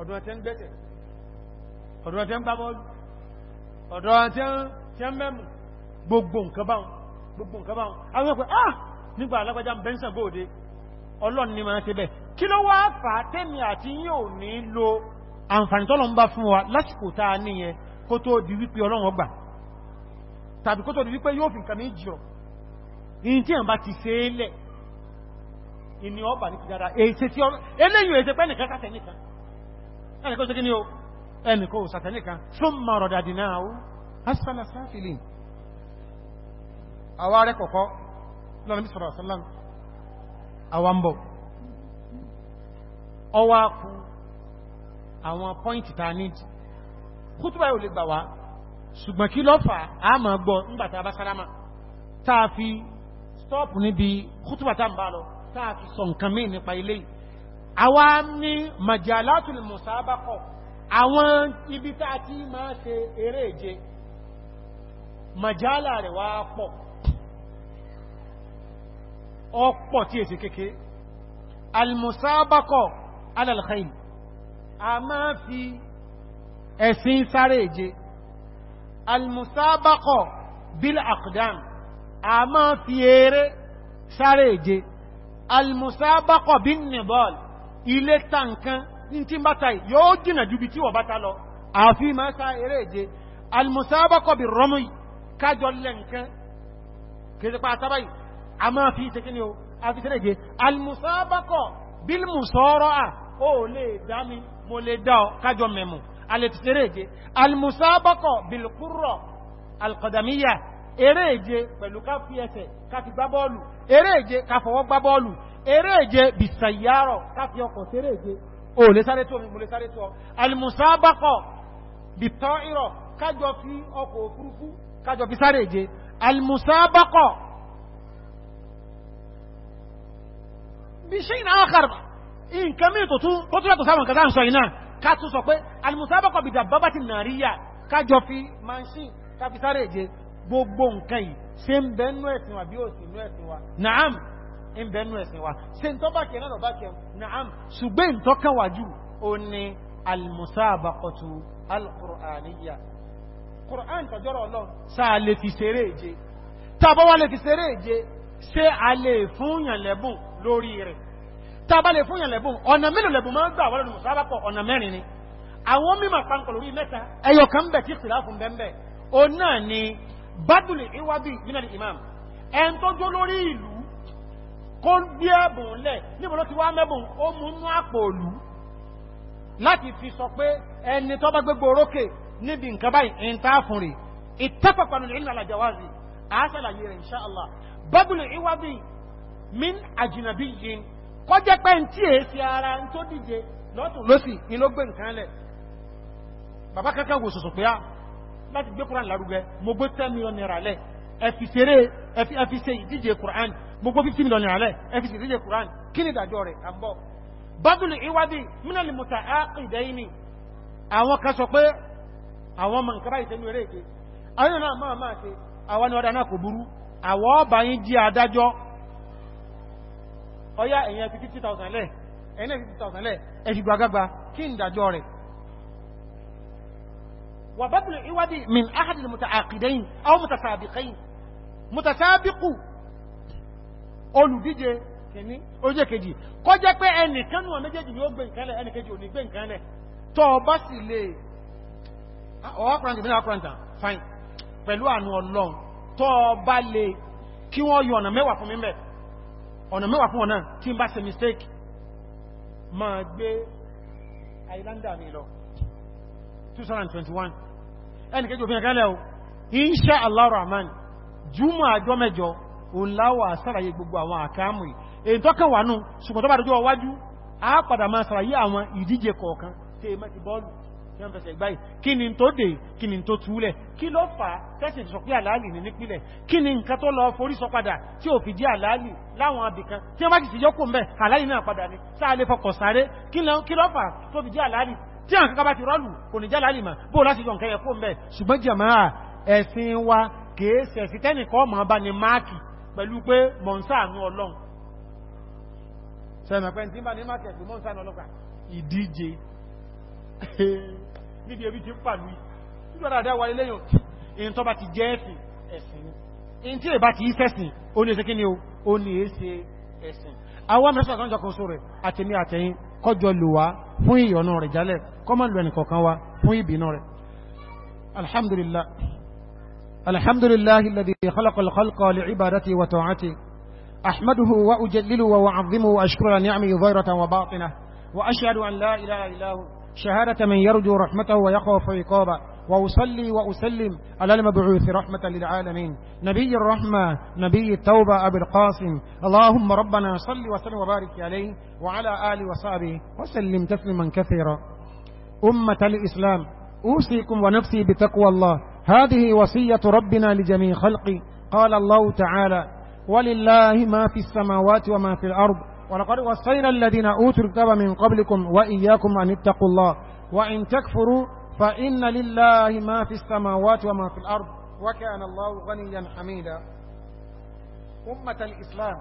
S2: ọ̀dọ̀ ẹ̀tẹ́ ń gbẹ́tẹ̀ ọ̀dọ̀ ẹ̀tẹ́ ń gbá bọ́ọ̀lù ọ̀dọ̀ ah nígbà alágbàjá bẹ́ńsàn góòdé ọlọ́run ni máa ṣe bẹ́ kí ló wá fà tẹ́mi àti yí ní lo àǹfààní tọ́lọ ń bá fún wa lásìkò táa níyẹn kó tó di wípé ọlọ́run ọgbà tàbí kó tó di wípé yóò fi nǹkan méjì ọ̀ in tí àǹbá ti ṣe é lẹ̀ ìní ọba ní kìdára èsè tí ọlọ́ eléyìí èsè pẹ́ nìkan kàtẹ́ nìkan ẹnì kó ṣe kí ni o ẹnì kó ṣàtẹ́ nìkan fún mọ̀rọ̀dàdì náà ó asálà sáfìlì àwọn arẹ́kọ̀ọ́kọ́ lọ́nà bí sọ̀rọ̀ sọ́lọ́m àwọ̀mbọ̀ ọwá kú àwọn pọ́ìntì ta ní kútùbà yóò lè gbà wá ṣùgbọ́n kí lọ́fà a mọ̀ gbọ́ nígbàtà bá sáramà táa fi stọ́ọ̀pù níbi kútùbà tá ń bá lọ táa fi sọ nǹkan mí nípa ilé àwa ní majalatul musabaqah àwọn ibi tá ti máa ṣe eré ìje majala rẹ̀ wá pọ̀ ọ̀pọ̀ tí èsì kéèké almusabakọ alalhain a máa fi ẹ̀sìn sáré èje almusabakọ bil akdam a máa fi eré sáré èje almusabakọ bin nibol ilé tankan ní tí bátà yóò jìnà jubi tí wọ bátà lọ àfi máa sá eré èje almusabakọ bil rọmọ kájọ lẹ́nkan kìí pàtàbáyìí a máa fi ṣe kíni o a fi ṣẹ́rẹ̀gẹ́ almusabakọ̀ bilmusọ́rọ̀ à ó lè dá mi mo lè dá ọ kájọ mẹ́mù a lè ti ṣẹ́rẹ̀gẹ́ almusabakọ̀ bilkurọ̀ alkọ̀dàmíyà eréje pẹ̀lú ká fi ẹsẹ̀ ká fi gbá bọ́ọ̀lù eréje ká fọwọ́ gbá بشيء آخر إن كميت تطلع تسامة كذا سوينا كاتو سوكوي المسابقة بدبابة نارية kájọ fi manṣin káfi sáré èje gbogbo nǹkan yìí ṣe ń bẹ nú ẹ̀sìn wa bí ó sì nú ẹ̀sìn wa naam ń bẹ nú ẹ̀sìn wa ṣe ń tọ́ bá kẹ́ náà bá kẹ́ naam ṣùgbọ́n ń tọ́ka wà jù ó ní almusabaqatu alqur'aniyya qur'an tọjọ́rọ̀ ọlọ́run sáà lè fi ṣeré èje tàbá lè fi ṣeré èje ṣé a lè fún yàn lórí rẹ̀ tàbá lè fún ìyànlẹ̀bùn ọ̀nà mélòó lẹ̀bùn máa ń gbà wọ́n lórí mùsàlápọ̀ ọ̀nà ni àwọn mímọ̀ pankọ̀ lórí mẹ́ta ẹyọ kan bẹ̀ tí fún bẹ́ẹ̀ o náà ni bádùlì ìwábì nínú imam ẹn tó jó lórí ìlú kó gbé ẹ̀bùn lẹ̀ níbo ló ti fi sọ pé ẹni tó bá gbégbó orókè níbi nǹkan báyìí ń fún rè ìlú àásàlàyé rẹ̀ min àjìnàbí yìí kọjẹ́ pẹ́ ń tí èéfì ara ń tó díje lọ́tún lọ́sì ni ló gbé nǹkan lẹ̀ bàbá kankan wò sọ̀sọ̀ pé á ah, láti gbé lárugẹ mo gbé 10 million naira lẹ̀ ẹfìsẹ̀rẹ̀ ìdíje kúrán mo gbé 15 million naira lẹ̀ ẹfìsẹ̀ ìdíje kúrán kí ni ìdájọ́ rẹ̀ à ń bọ̀ bádùlù ìwádìí mínàlì mùtà áàkìdẹ́yìnì àwọn kan sọ pé àwọn ọya ẹ̀yẹn fi 50,000 lẹ́ ẹ̀yẹn fi 50,000 lẹ́ ẹ̀ṣùgbà agbágbà kí ń dájọ́ rẹ̀ wà bá ìwádìí min ahadil mutaaqidain aw mutasabiqain mutasabiqu olùdíje kìíní ojú èkejì kọ́ jẹ́ pé ẹnìkan nù méjèèjì yóò gbé nǹkan lẹ̀ ẹnìkejì ò ní gbé nǹkan lẹ̀ tọ́ bá sì fine pẹ̀lú àánú ọlọ́run tọ́ bá lè kí wọ́n yọ ọ̀nà mẹ́wàá fún mímẹ́ ọ̀nà mẹ́wàá fún ọ̀nà tí ń bá ṣe mistake ma gbé islander mi lọ 2021 ẹni kejì òfin ẹ̀kẹ́lẹ̀ o inṣẹ́ Allah rahman júmọ̀ àjọ mẹ́jọ òláwà sàràyé gbogbo àwọn àkáàmù èyí tó kẹwàá nù ṣùgbọ́n tó bá dójú ọwájú á padà máa sàràyé àwọn ìdíje kọ̀ọ̀kan tí èmẹ́ ti bọ́ọ̀lù tí wọ́n fẹsẹ̀ gbáyìí kí ni tó dé kí ni tó túlẹ̀ kí ló fà tẹ́sì sọ pé àlàálì ní nípìnlẹ̀ kí ni nǹkan tó lọ forí sọ padà tí ò fi jẹ́ àlàálì láwọn abìkan tí wọ́n bá ti yọ́kù mẹ́ àlàálì náà padà ní sáà lè fọkọ̀ sáré kí ló fà tó fi jẹ́ àlàálì tí àwọn kankan bá ti rọ́lù kò ní jẹ́ ìdíje níbi ebi ti ń pàlú nígbà dáadáa wà lẹ́yìn in tó bá ti jẹ́ ẹ̀sìn ẹ̀sìn ni in tí èbá ti ìsẹ́sìn ó ní ẹsẹ́kí ni ó ó ní ẹsẹ ẹ̀sìn àwọn mẹ́sàn kan jọ kan só rẹ̀ àtẹ̀mí àtẹ̀yìn kọjọ lò wá fún ìyọ̀nà rẹ̀ jálẹ̀ kọmọ lù ẹnì kọ̀ọ̀kan wá fún ìbínú rẹ̀ alhamdulillah alhamdulillah alladhi khalaqa al-khalqa li'ibadati wa ta'ati أحمده وأجلله وأعظمه وأشكر نعمه ظاهرة وباطنة وأشهد أن لا إله إلا هو شهادة من يرجو رحمته ويخاف عقابه وأصلي وأسلم على المبعوث رحمة للعالمين نبي الرحمة نبي التوبة أبي القاسم اللهم ربنا صل وسلم وبارك عليه وعلى آله وصحبه وسلم تسلما كثيرا أمة الإسلام أوصيكم ونفسي بتقوى الله هذه وصية ربنا لجميع خلقه قال الله تعالى ولله ما في السماوات وما في الأرض ولقد وصينا الذين أوتوا الكتاب من قبلكم وإياكم أن اتقوا الله وإن تكفروا فإن لله ما في السماوات وما في الأرض وكان الله غنيا حميدا أمة الإسلام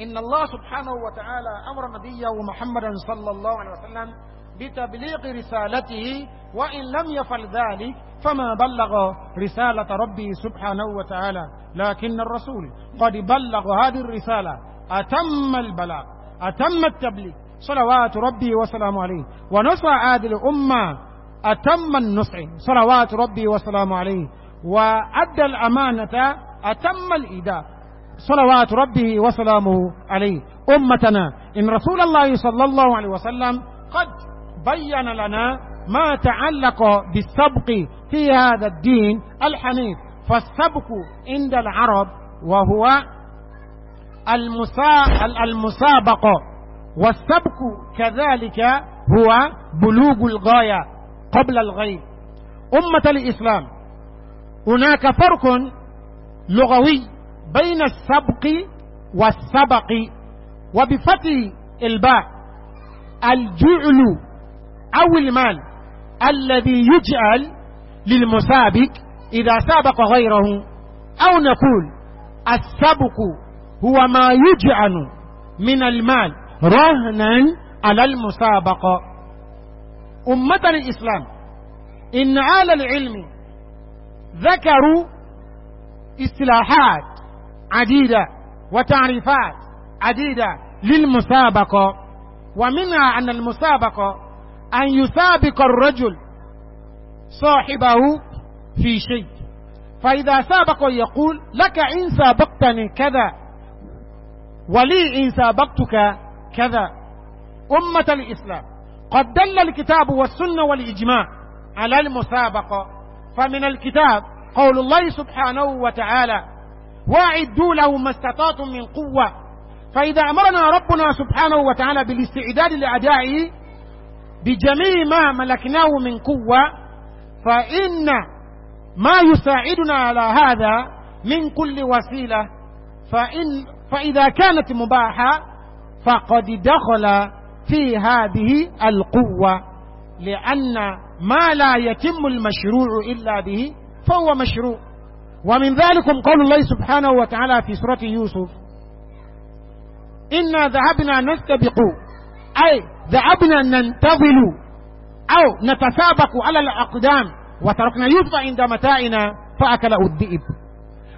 S2: إن الله سبحانه وتعالى أمر نبيه محمدا صلى الله عليه وسلم بتبليغ رسالته وإن لم يفعل ذلك فما بلغ رسالة ربه سبحانه وتعالى لكن الرسول قد بلغ هذه الرسالة أتم البلاغ أتم التبليغ صلوات ربي وسلامه عليه ونصر هذه الأمة أتم النصع صلوات ربي وسلامه عليه وأدى الأمانة أتم الإداء صلوات ربي وسلامه عليه أمتنا إن رسول الله صلى الله عليه وسلم قد بين لنا ما تعلق بالسبق في هذا الدين الحنيف فالسبق عند العرب وهو المسابقة والسبق كذلك هو بلوغ الغاية قبل الغيب أمة الإسلام هناك فرق لغوي بين السبق والسبق وبفتح الباء الجعل أو المال الذي يجعل للمسابق إذا سابق غيره أو نقول السبق هو ما يجعل من المال رهنا على المسابقة أمة الإسلام إن أهل العلم ذكروا اصطلاحات عديدة وتعريفات عديدة للمسابقة ومنها أن المسابقة أن يسابق الرجل صاحبه في شيء فإذا سابق يقول لك إن سابقتني كذا ولي إن سابقتك كذا أمة الإسلام قد دل الكتاب والسنة والإجماع على المسابقة فمن الكتاب قول الله سبحانه وتعالى واعدوا له ما استطعتم من قوة فإذا أمرنا ربنا سبحانه وتعالى بالاستعداد لأدائه بجميع ما ملكناه من قوة فإن ما يساعدنا على هذا من كل وسيلة فإن فإذا كانت مباحة فقد دخل في هذه القوة لأن ما لا يتم المشروع إلا به فهو مشروع ومن ذلكم قول الله سبحانه وتعالى في سورة يوسف إنا ذهبنا نستبق أي ذهبنا ننتظل أو نتسابق على الأقدام وتركنا يوسف عند متاعنا فأكله الذئب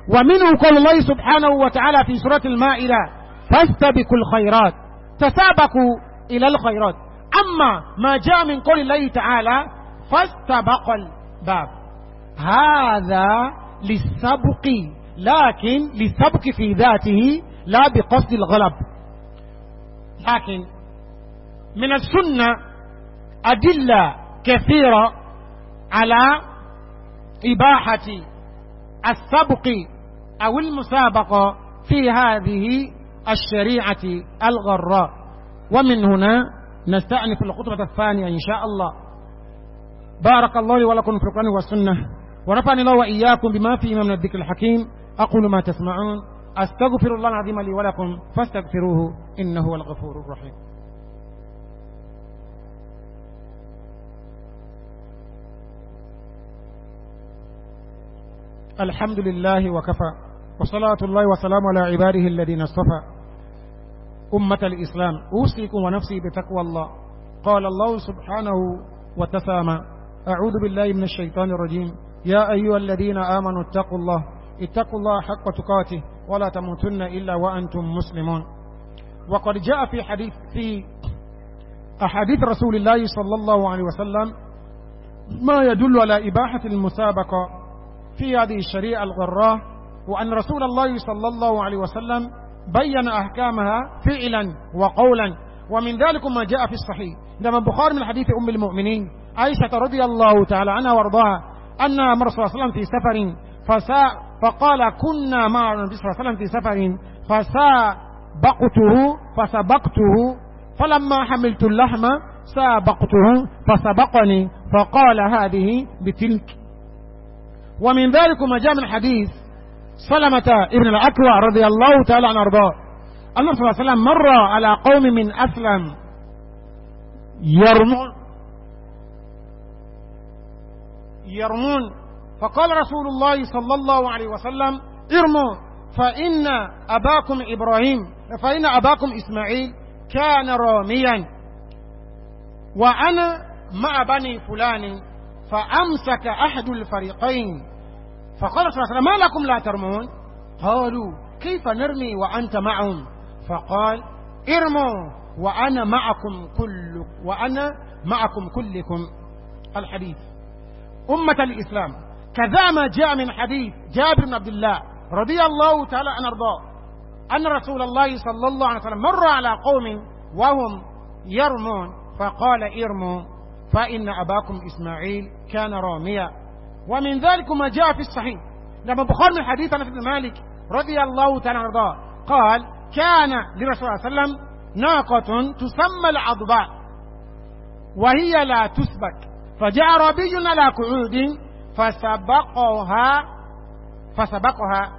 S2: ومنه قول الله سبحانه وتعالى في سورة المائدة فاستبقوا الخيرات تسابقوا إلى الخيرات أما ما جاء من قول الله تعالى فاستبق الباب هذا للسبق لكن للسبق في ذاته لا بقصد الغلب لكن من السنة أدلة كثيرة على إباحة السبق أو المسابقة في هذه الشريعة الغراء ومن هنا نستأنف الخطبة الثانية إن شاء الله بارك الله لي ولكم في القرآن والسنة ورفعني الله وإياكم بما فيهما من الذكر الحكيم أقول ما تسمعون أستغفر الله العظيم لي ولكم فاستغفروه إنه هو الغفور الرحيم الحمد لله وكفى وصلاة الله وسلام على عباده الذين اصطفى أمة الإسلام أوصيكم ونفسي بتقوى الله قال الله سبحانه وتسامى أعوذ بالله من الشيطان الرجيم يا أيها الذين آمنوا اتقوا الله اتقوا الله حق تقاته ولا تموتن إلا وأنتم مسلمون وقد جاء في حديث في أحاديث رسول الله صلى الله عليه وسلم ما يدل على إباحة المسابقة في هذه الشريعة الغراء وأن رسول الله صلى الله عليه وسلم بين أحكامها فعلا وقولا ومن ذلك ما جاء في الصحيح لما البخاري من حديث أم المؤمنين عائشة رضي الله تعالى عنها وارضاها أن أمر صلى الله عليه وسلم في سفر فساء فقال كنا مع النبي صلى الله عليه وسلم في سفر فسابقته فسبقته فلما حملت اللحم سابقته فسبقني فقال هذه بتلك ومن ذلك ما جاء من حديث سلمة ابن الأكوع رضي الله تعالى عنه أرضاه أن صلى الله عليه وسلم مر على قوم من أسلم يرمون يرمون فقال رسول الله صلى الله عليه وسلم ارموا فإن أباكم إبراهيم فإن أباكم إسماعيل كان راميا وأنا مع بني فلان فأمسك أحد الفريقين فقال صلى الله عليه وسلم ما لكم لا ترمون قالوا كيف نرمي وأنت معهم فقال ارموا وأنا معكم كل وأنا معكم كلكم الحديث أمة الإسلام كذا ما جاء من حديث جابر بن عبد الله رضي الله تعالى عن أرضاه أن رسول الله صلى الله عليه وسلم مر على قوم وهم يرمون فقال ارموا فإن أباكم إسماعيل كان راميا ومن ذلك ما جاء في الصحيح لما بخار من حديث أنس بن مالك رضي الله تعالى عنه قال كان لرسول الله صلى الله عليه وسلم ناقة تسمى العضباء وهي لا تسبك فجاء ربي على قعود فسبقها فسبقها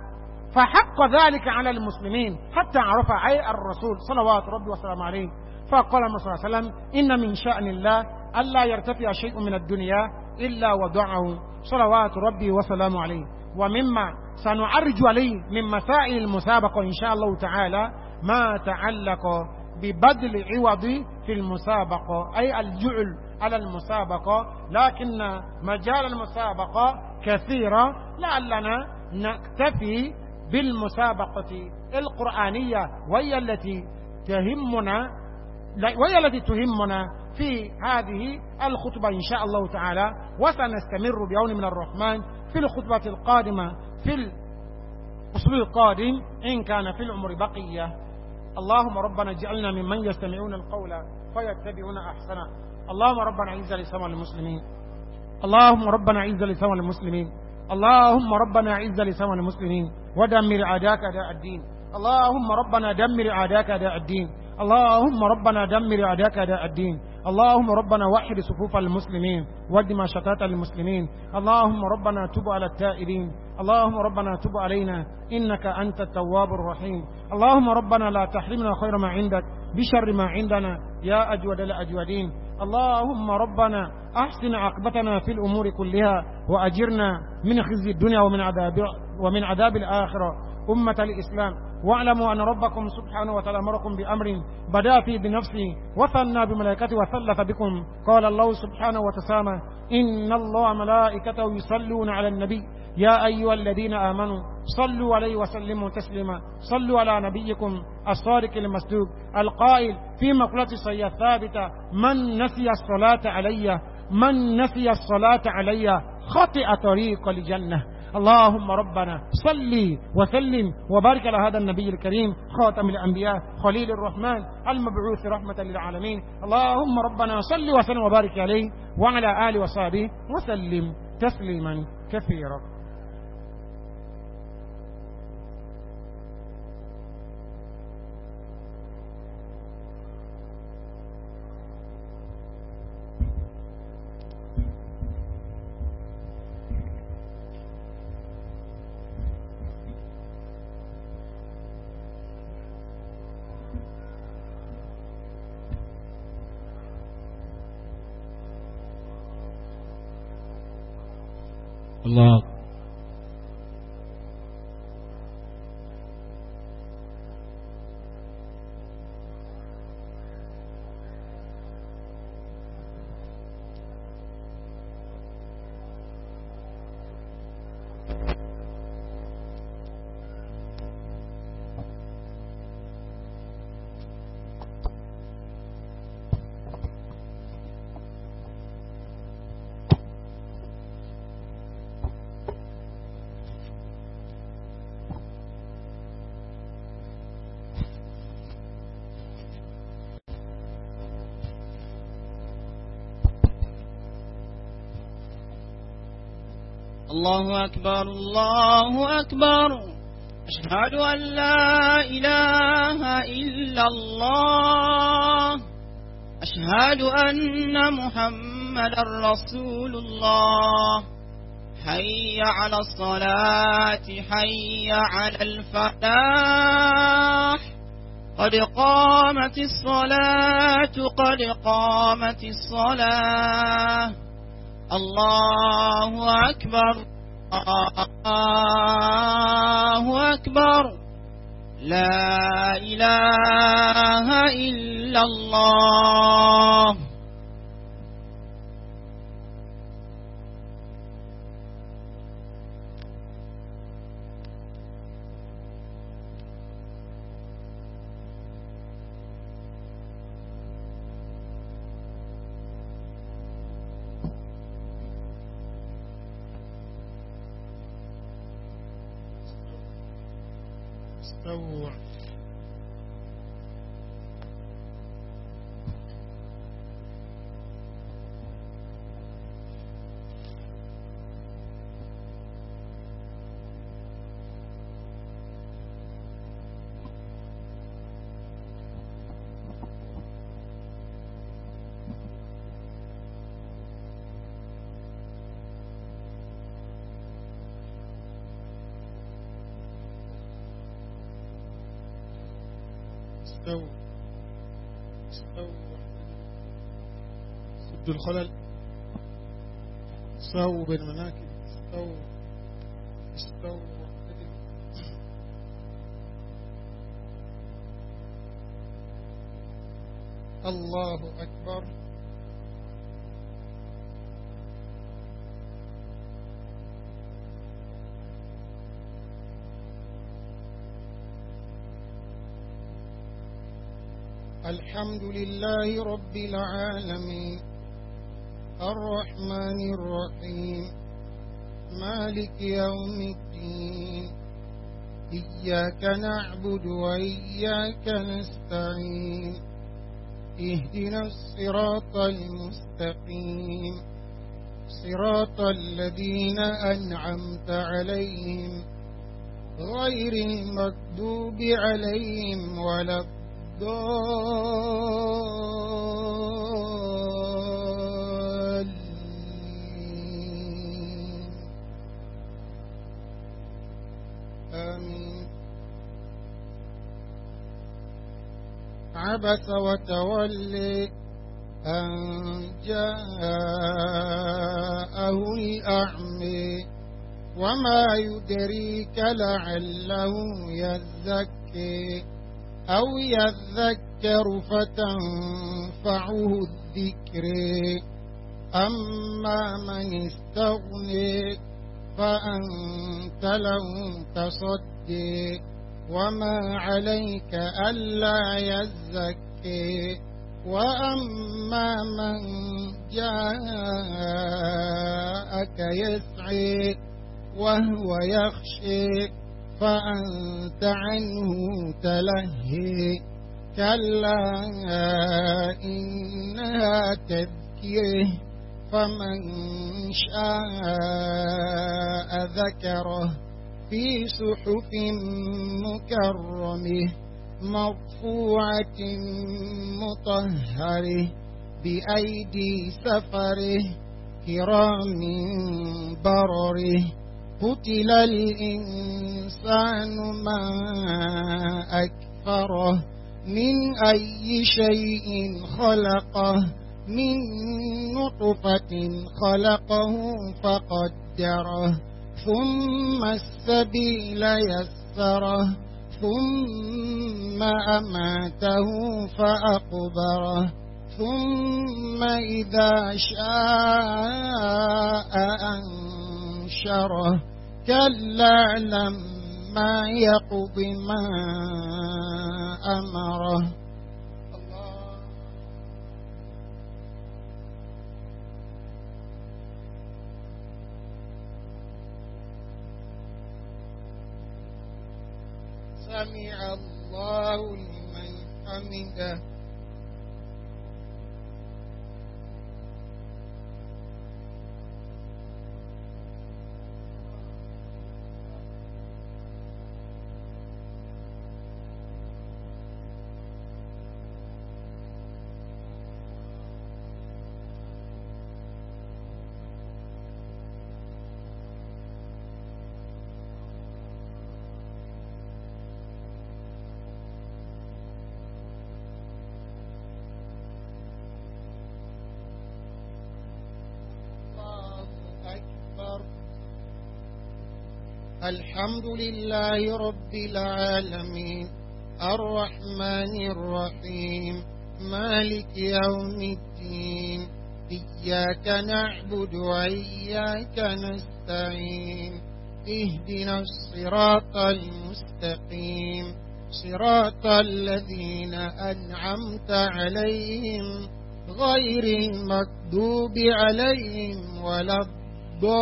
S2: فحق ذلك على المسلمين حتى عرف أي الرسول صلوات ربي وسلامه عليه فقال الله صلى الله عليه وسلم إن من شأن الله ألا يرتفع شيء من الدنيا إلا وضعه صلوات ربي وسلامه عليه ومما سنعرج عليه من مسائل المسابقة إن شاء الله تعالى ما تعلق ببذل عوض في المسابقة أي الجعل على المسابقة لكن مجال المسابقة كثيرة لعلنا نكتفي بالمسابقة القرآنية وهي التي تهمنا وهي التي تهمنا في هذه الخطبة إن شاء الله تعالى وسنستمر بعون من الرحمن في الخطبة القادمة في الأسبوع القادم إن كان في العمر بقية اللهم ربنا اجعلنا ممن يستمعون القول فيتبعون أحسنه اللهم ربنا عز لسوى المسلمين اللهم ربنا عز لسوى المسلمين اللهم ربنا عز لسوى المسلمين ودمر عداك داء الدين اللهم ربنا دمر عداك داء الدين اللهم ربنا دمر عداك داء الدين اللهم ربنا وحد صفوف المسلمين ودم شتات المسلمين اللهم ربنا تب على التائبين اللهم ربنا تب علينا إنك أنت التواب الرحيم اللهم ربنا لا تحرمنا خير ما عندك بشر ما عندنا يا أجود الأجودين اللهم ربنا أحسن عقبتنا في الأمور كلها وأجرنا من خزي الدنيا ومن عذاب, ومن عذاب الآخرة أمة الإسلام واعلموا أن ربكم سبحانه وتعالى أمركم بأمر بدا فيه بنفسه وثنى بملائكته وثلث بكم قال الله سبحانه وتسامى إن الله ملائكته يصلون على النبي يا أيها الذين آمنوا صلوا عليه وسلموا تسليما صلوا على نبيكم الصادق المسدوق القائل في مقولة صيّة ثابتة من نسي الصلاة علي من نسي الصلاة علي خطئ طريق الجنة اللهم ربنا صلي وسلم وبارك على هذا النبي الكريم خاتم الأنبياء خليل الرحمن المبعوث رحمة للعالمين اللهم ربنا صلي وسلم وبارك عليه وعلى آله وصحبه وسلم تسليما كثيرا
S3: الله أكبر الله أكبر أشهد أن لا إله إلا الله أشهد أن محمد رسول الله حي على الصلاة حي على الفلاح قد قامت الصلاة قد قامت الصلاة الله أكبر الله أكبر لا إله إلا الله تطوع الخلل استووا بالمناكب استووا استووا الله أكبر الحمد لله رب العالمين الرحمن الرحيم مالك يوم الدين إياك نعبد وإياك نستعين اهدنا الصراط المستقيم صراط الذين أنعمت عليهم غير المكذوب عليهم ولا الضالين عبس وتولي أن جاءه الأعمي وما يدريك لعله يزكي أو يذكر فتنفعه الذكر أما من استغني فأنت له تصدي وما عليك ألا يزكي وأما من جاءك يسعي وهو يخشي فأنت عنه تلهي كلا إنها تذكيه فمن شاء ذكره في صحف مكرمه مرفوعة مطهره بأيدي سفره كرام برره قتل الإنسان ما أكفره من أي شيء خلقه من نطفة خلقه فقدره ثم السبيل يسره ثم أماته فأقبره ثم إذا شاء أنشره كلا لما يقض ما أمره Yeah. الحمد لله رب العالمين الرحمن الرحيم مالك يوم الدين إياك نعبد وإياك نستعين اهدنا الصراط المستقيم صراط الذين أنعمت عليهم غير المكذوب عليهم ولا الضال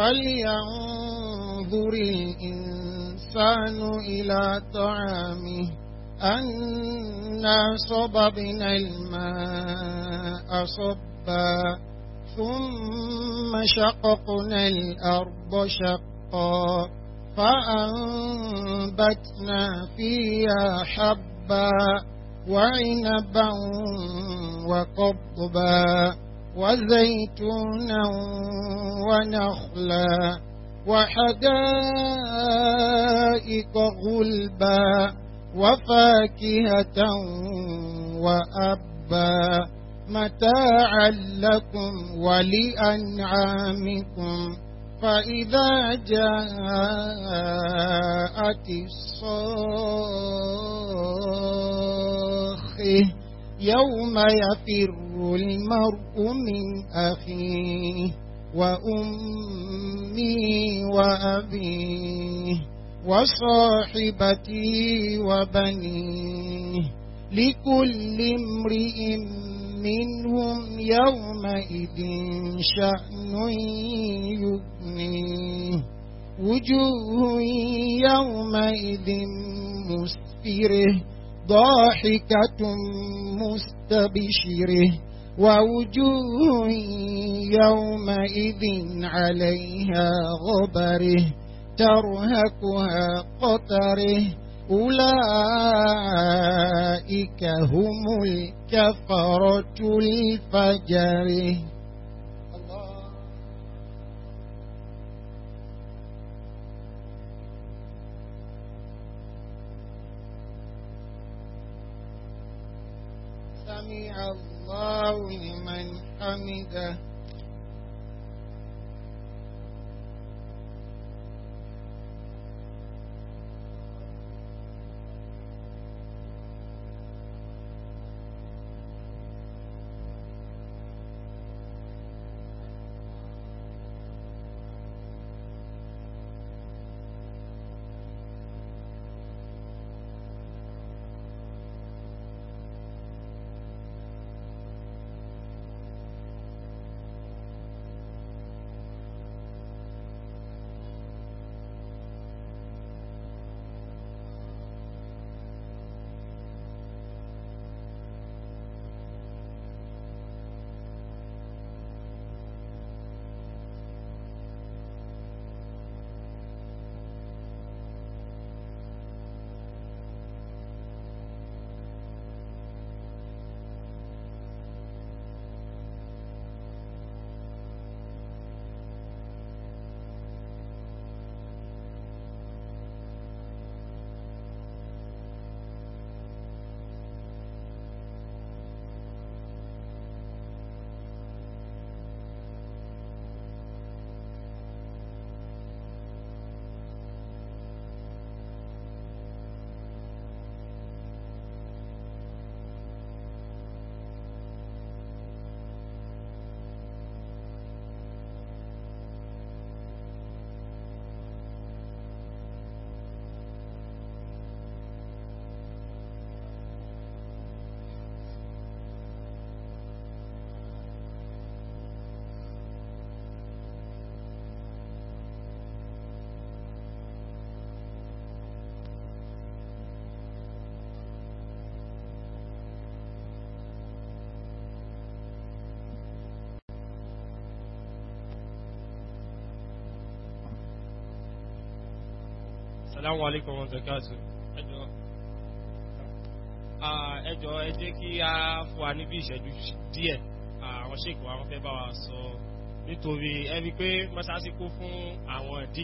S3: فلينظر الإنسان إلى طعامه أنا صببنا الماء صبا ثم شققنا الأرض شقا فأنبتنا فيها حبا وعنبا وقضبا وزيتونا ونخلا وحدائق غلبا وفاكهة وأبا متاعا لكم ولأنعامكم فإذا جاءت الصاخة يوم يفر المرء من أخيه وأمي وأبيه وصاحبتي وبنيه لكل امرئ منهم يومئذ شأن يبنيه وجوه يومئذ مسفره ضاحكة مستبشره ووجوه يومئذ عليها غبره ترهقها قتره أولئك هم الكفرة الفجره الله لمن حمده
S1: Assalamu alaikum wa barakatuh. ẹjọ́
S2: ah, ẹjọ́ ẹ jẹ́ kí a fún wa níbi ìṣẹ́jú díẹ̀ ah,
S1: àwọn ṣèkò àwọn fẹ́ bá wa sọ nítorí ẹni pé mọ́ṣáláṣí kún fún àwọn ìdí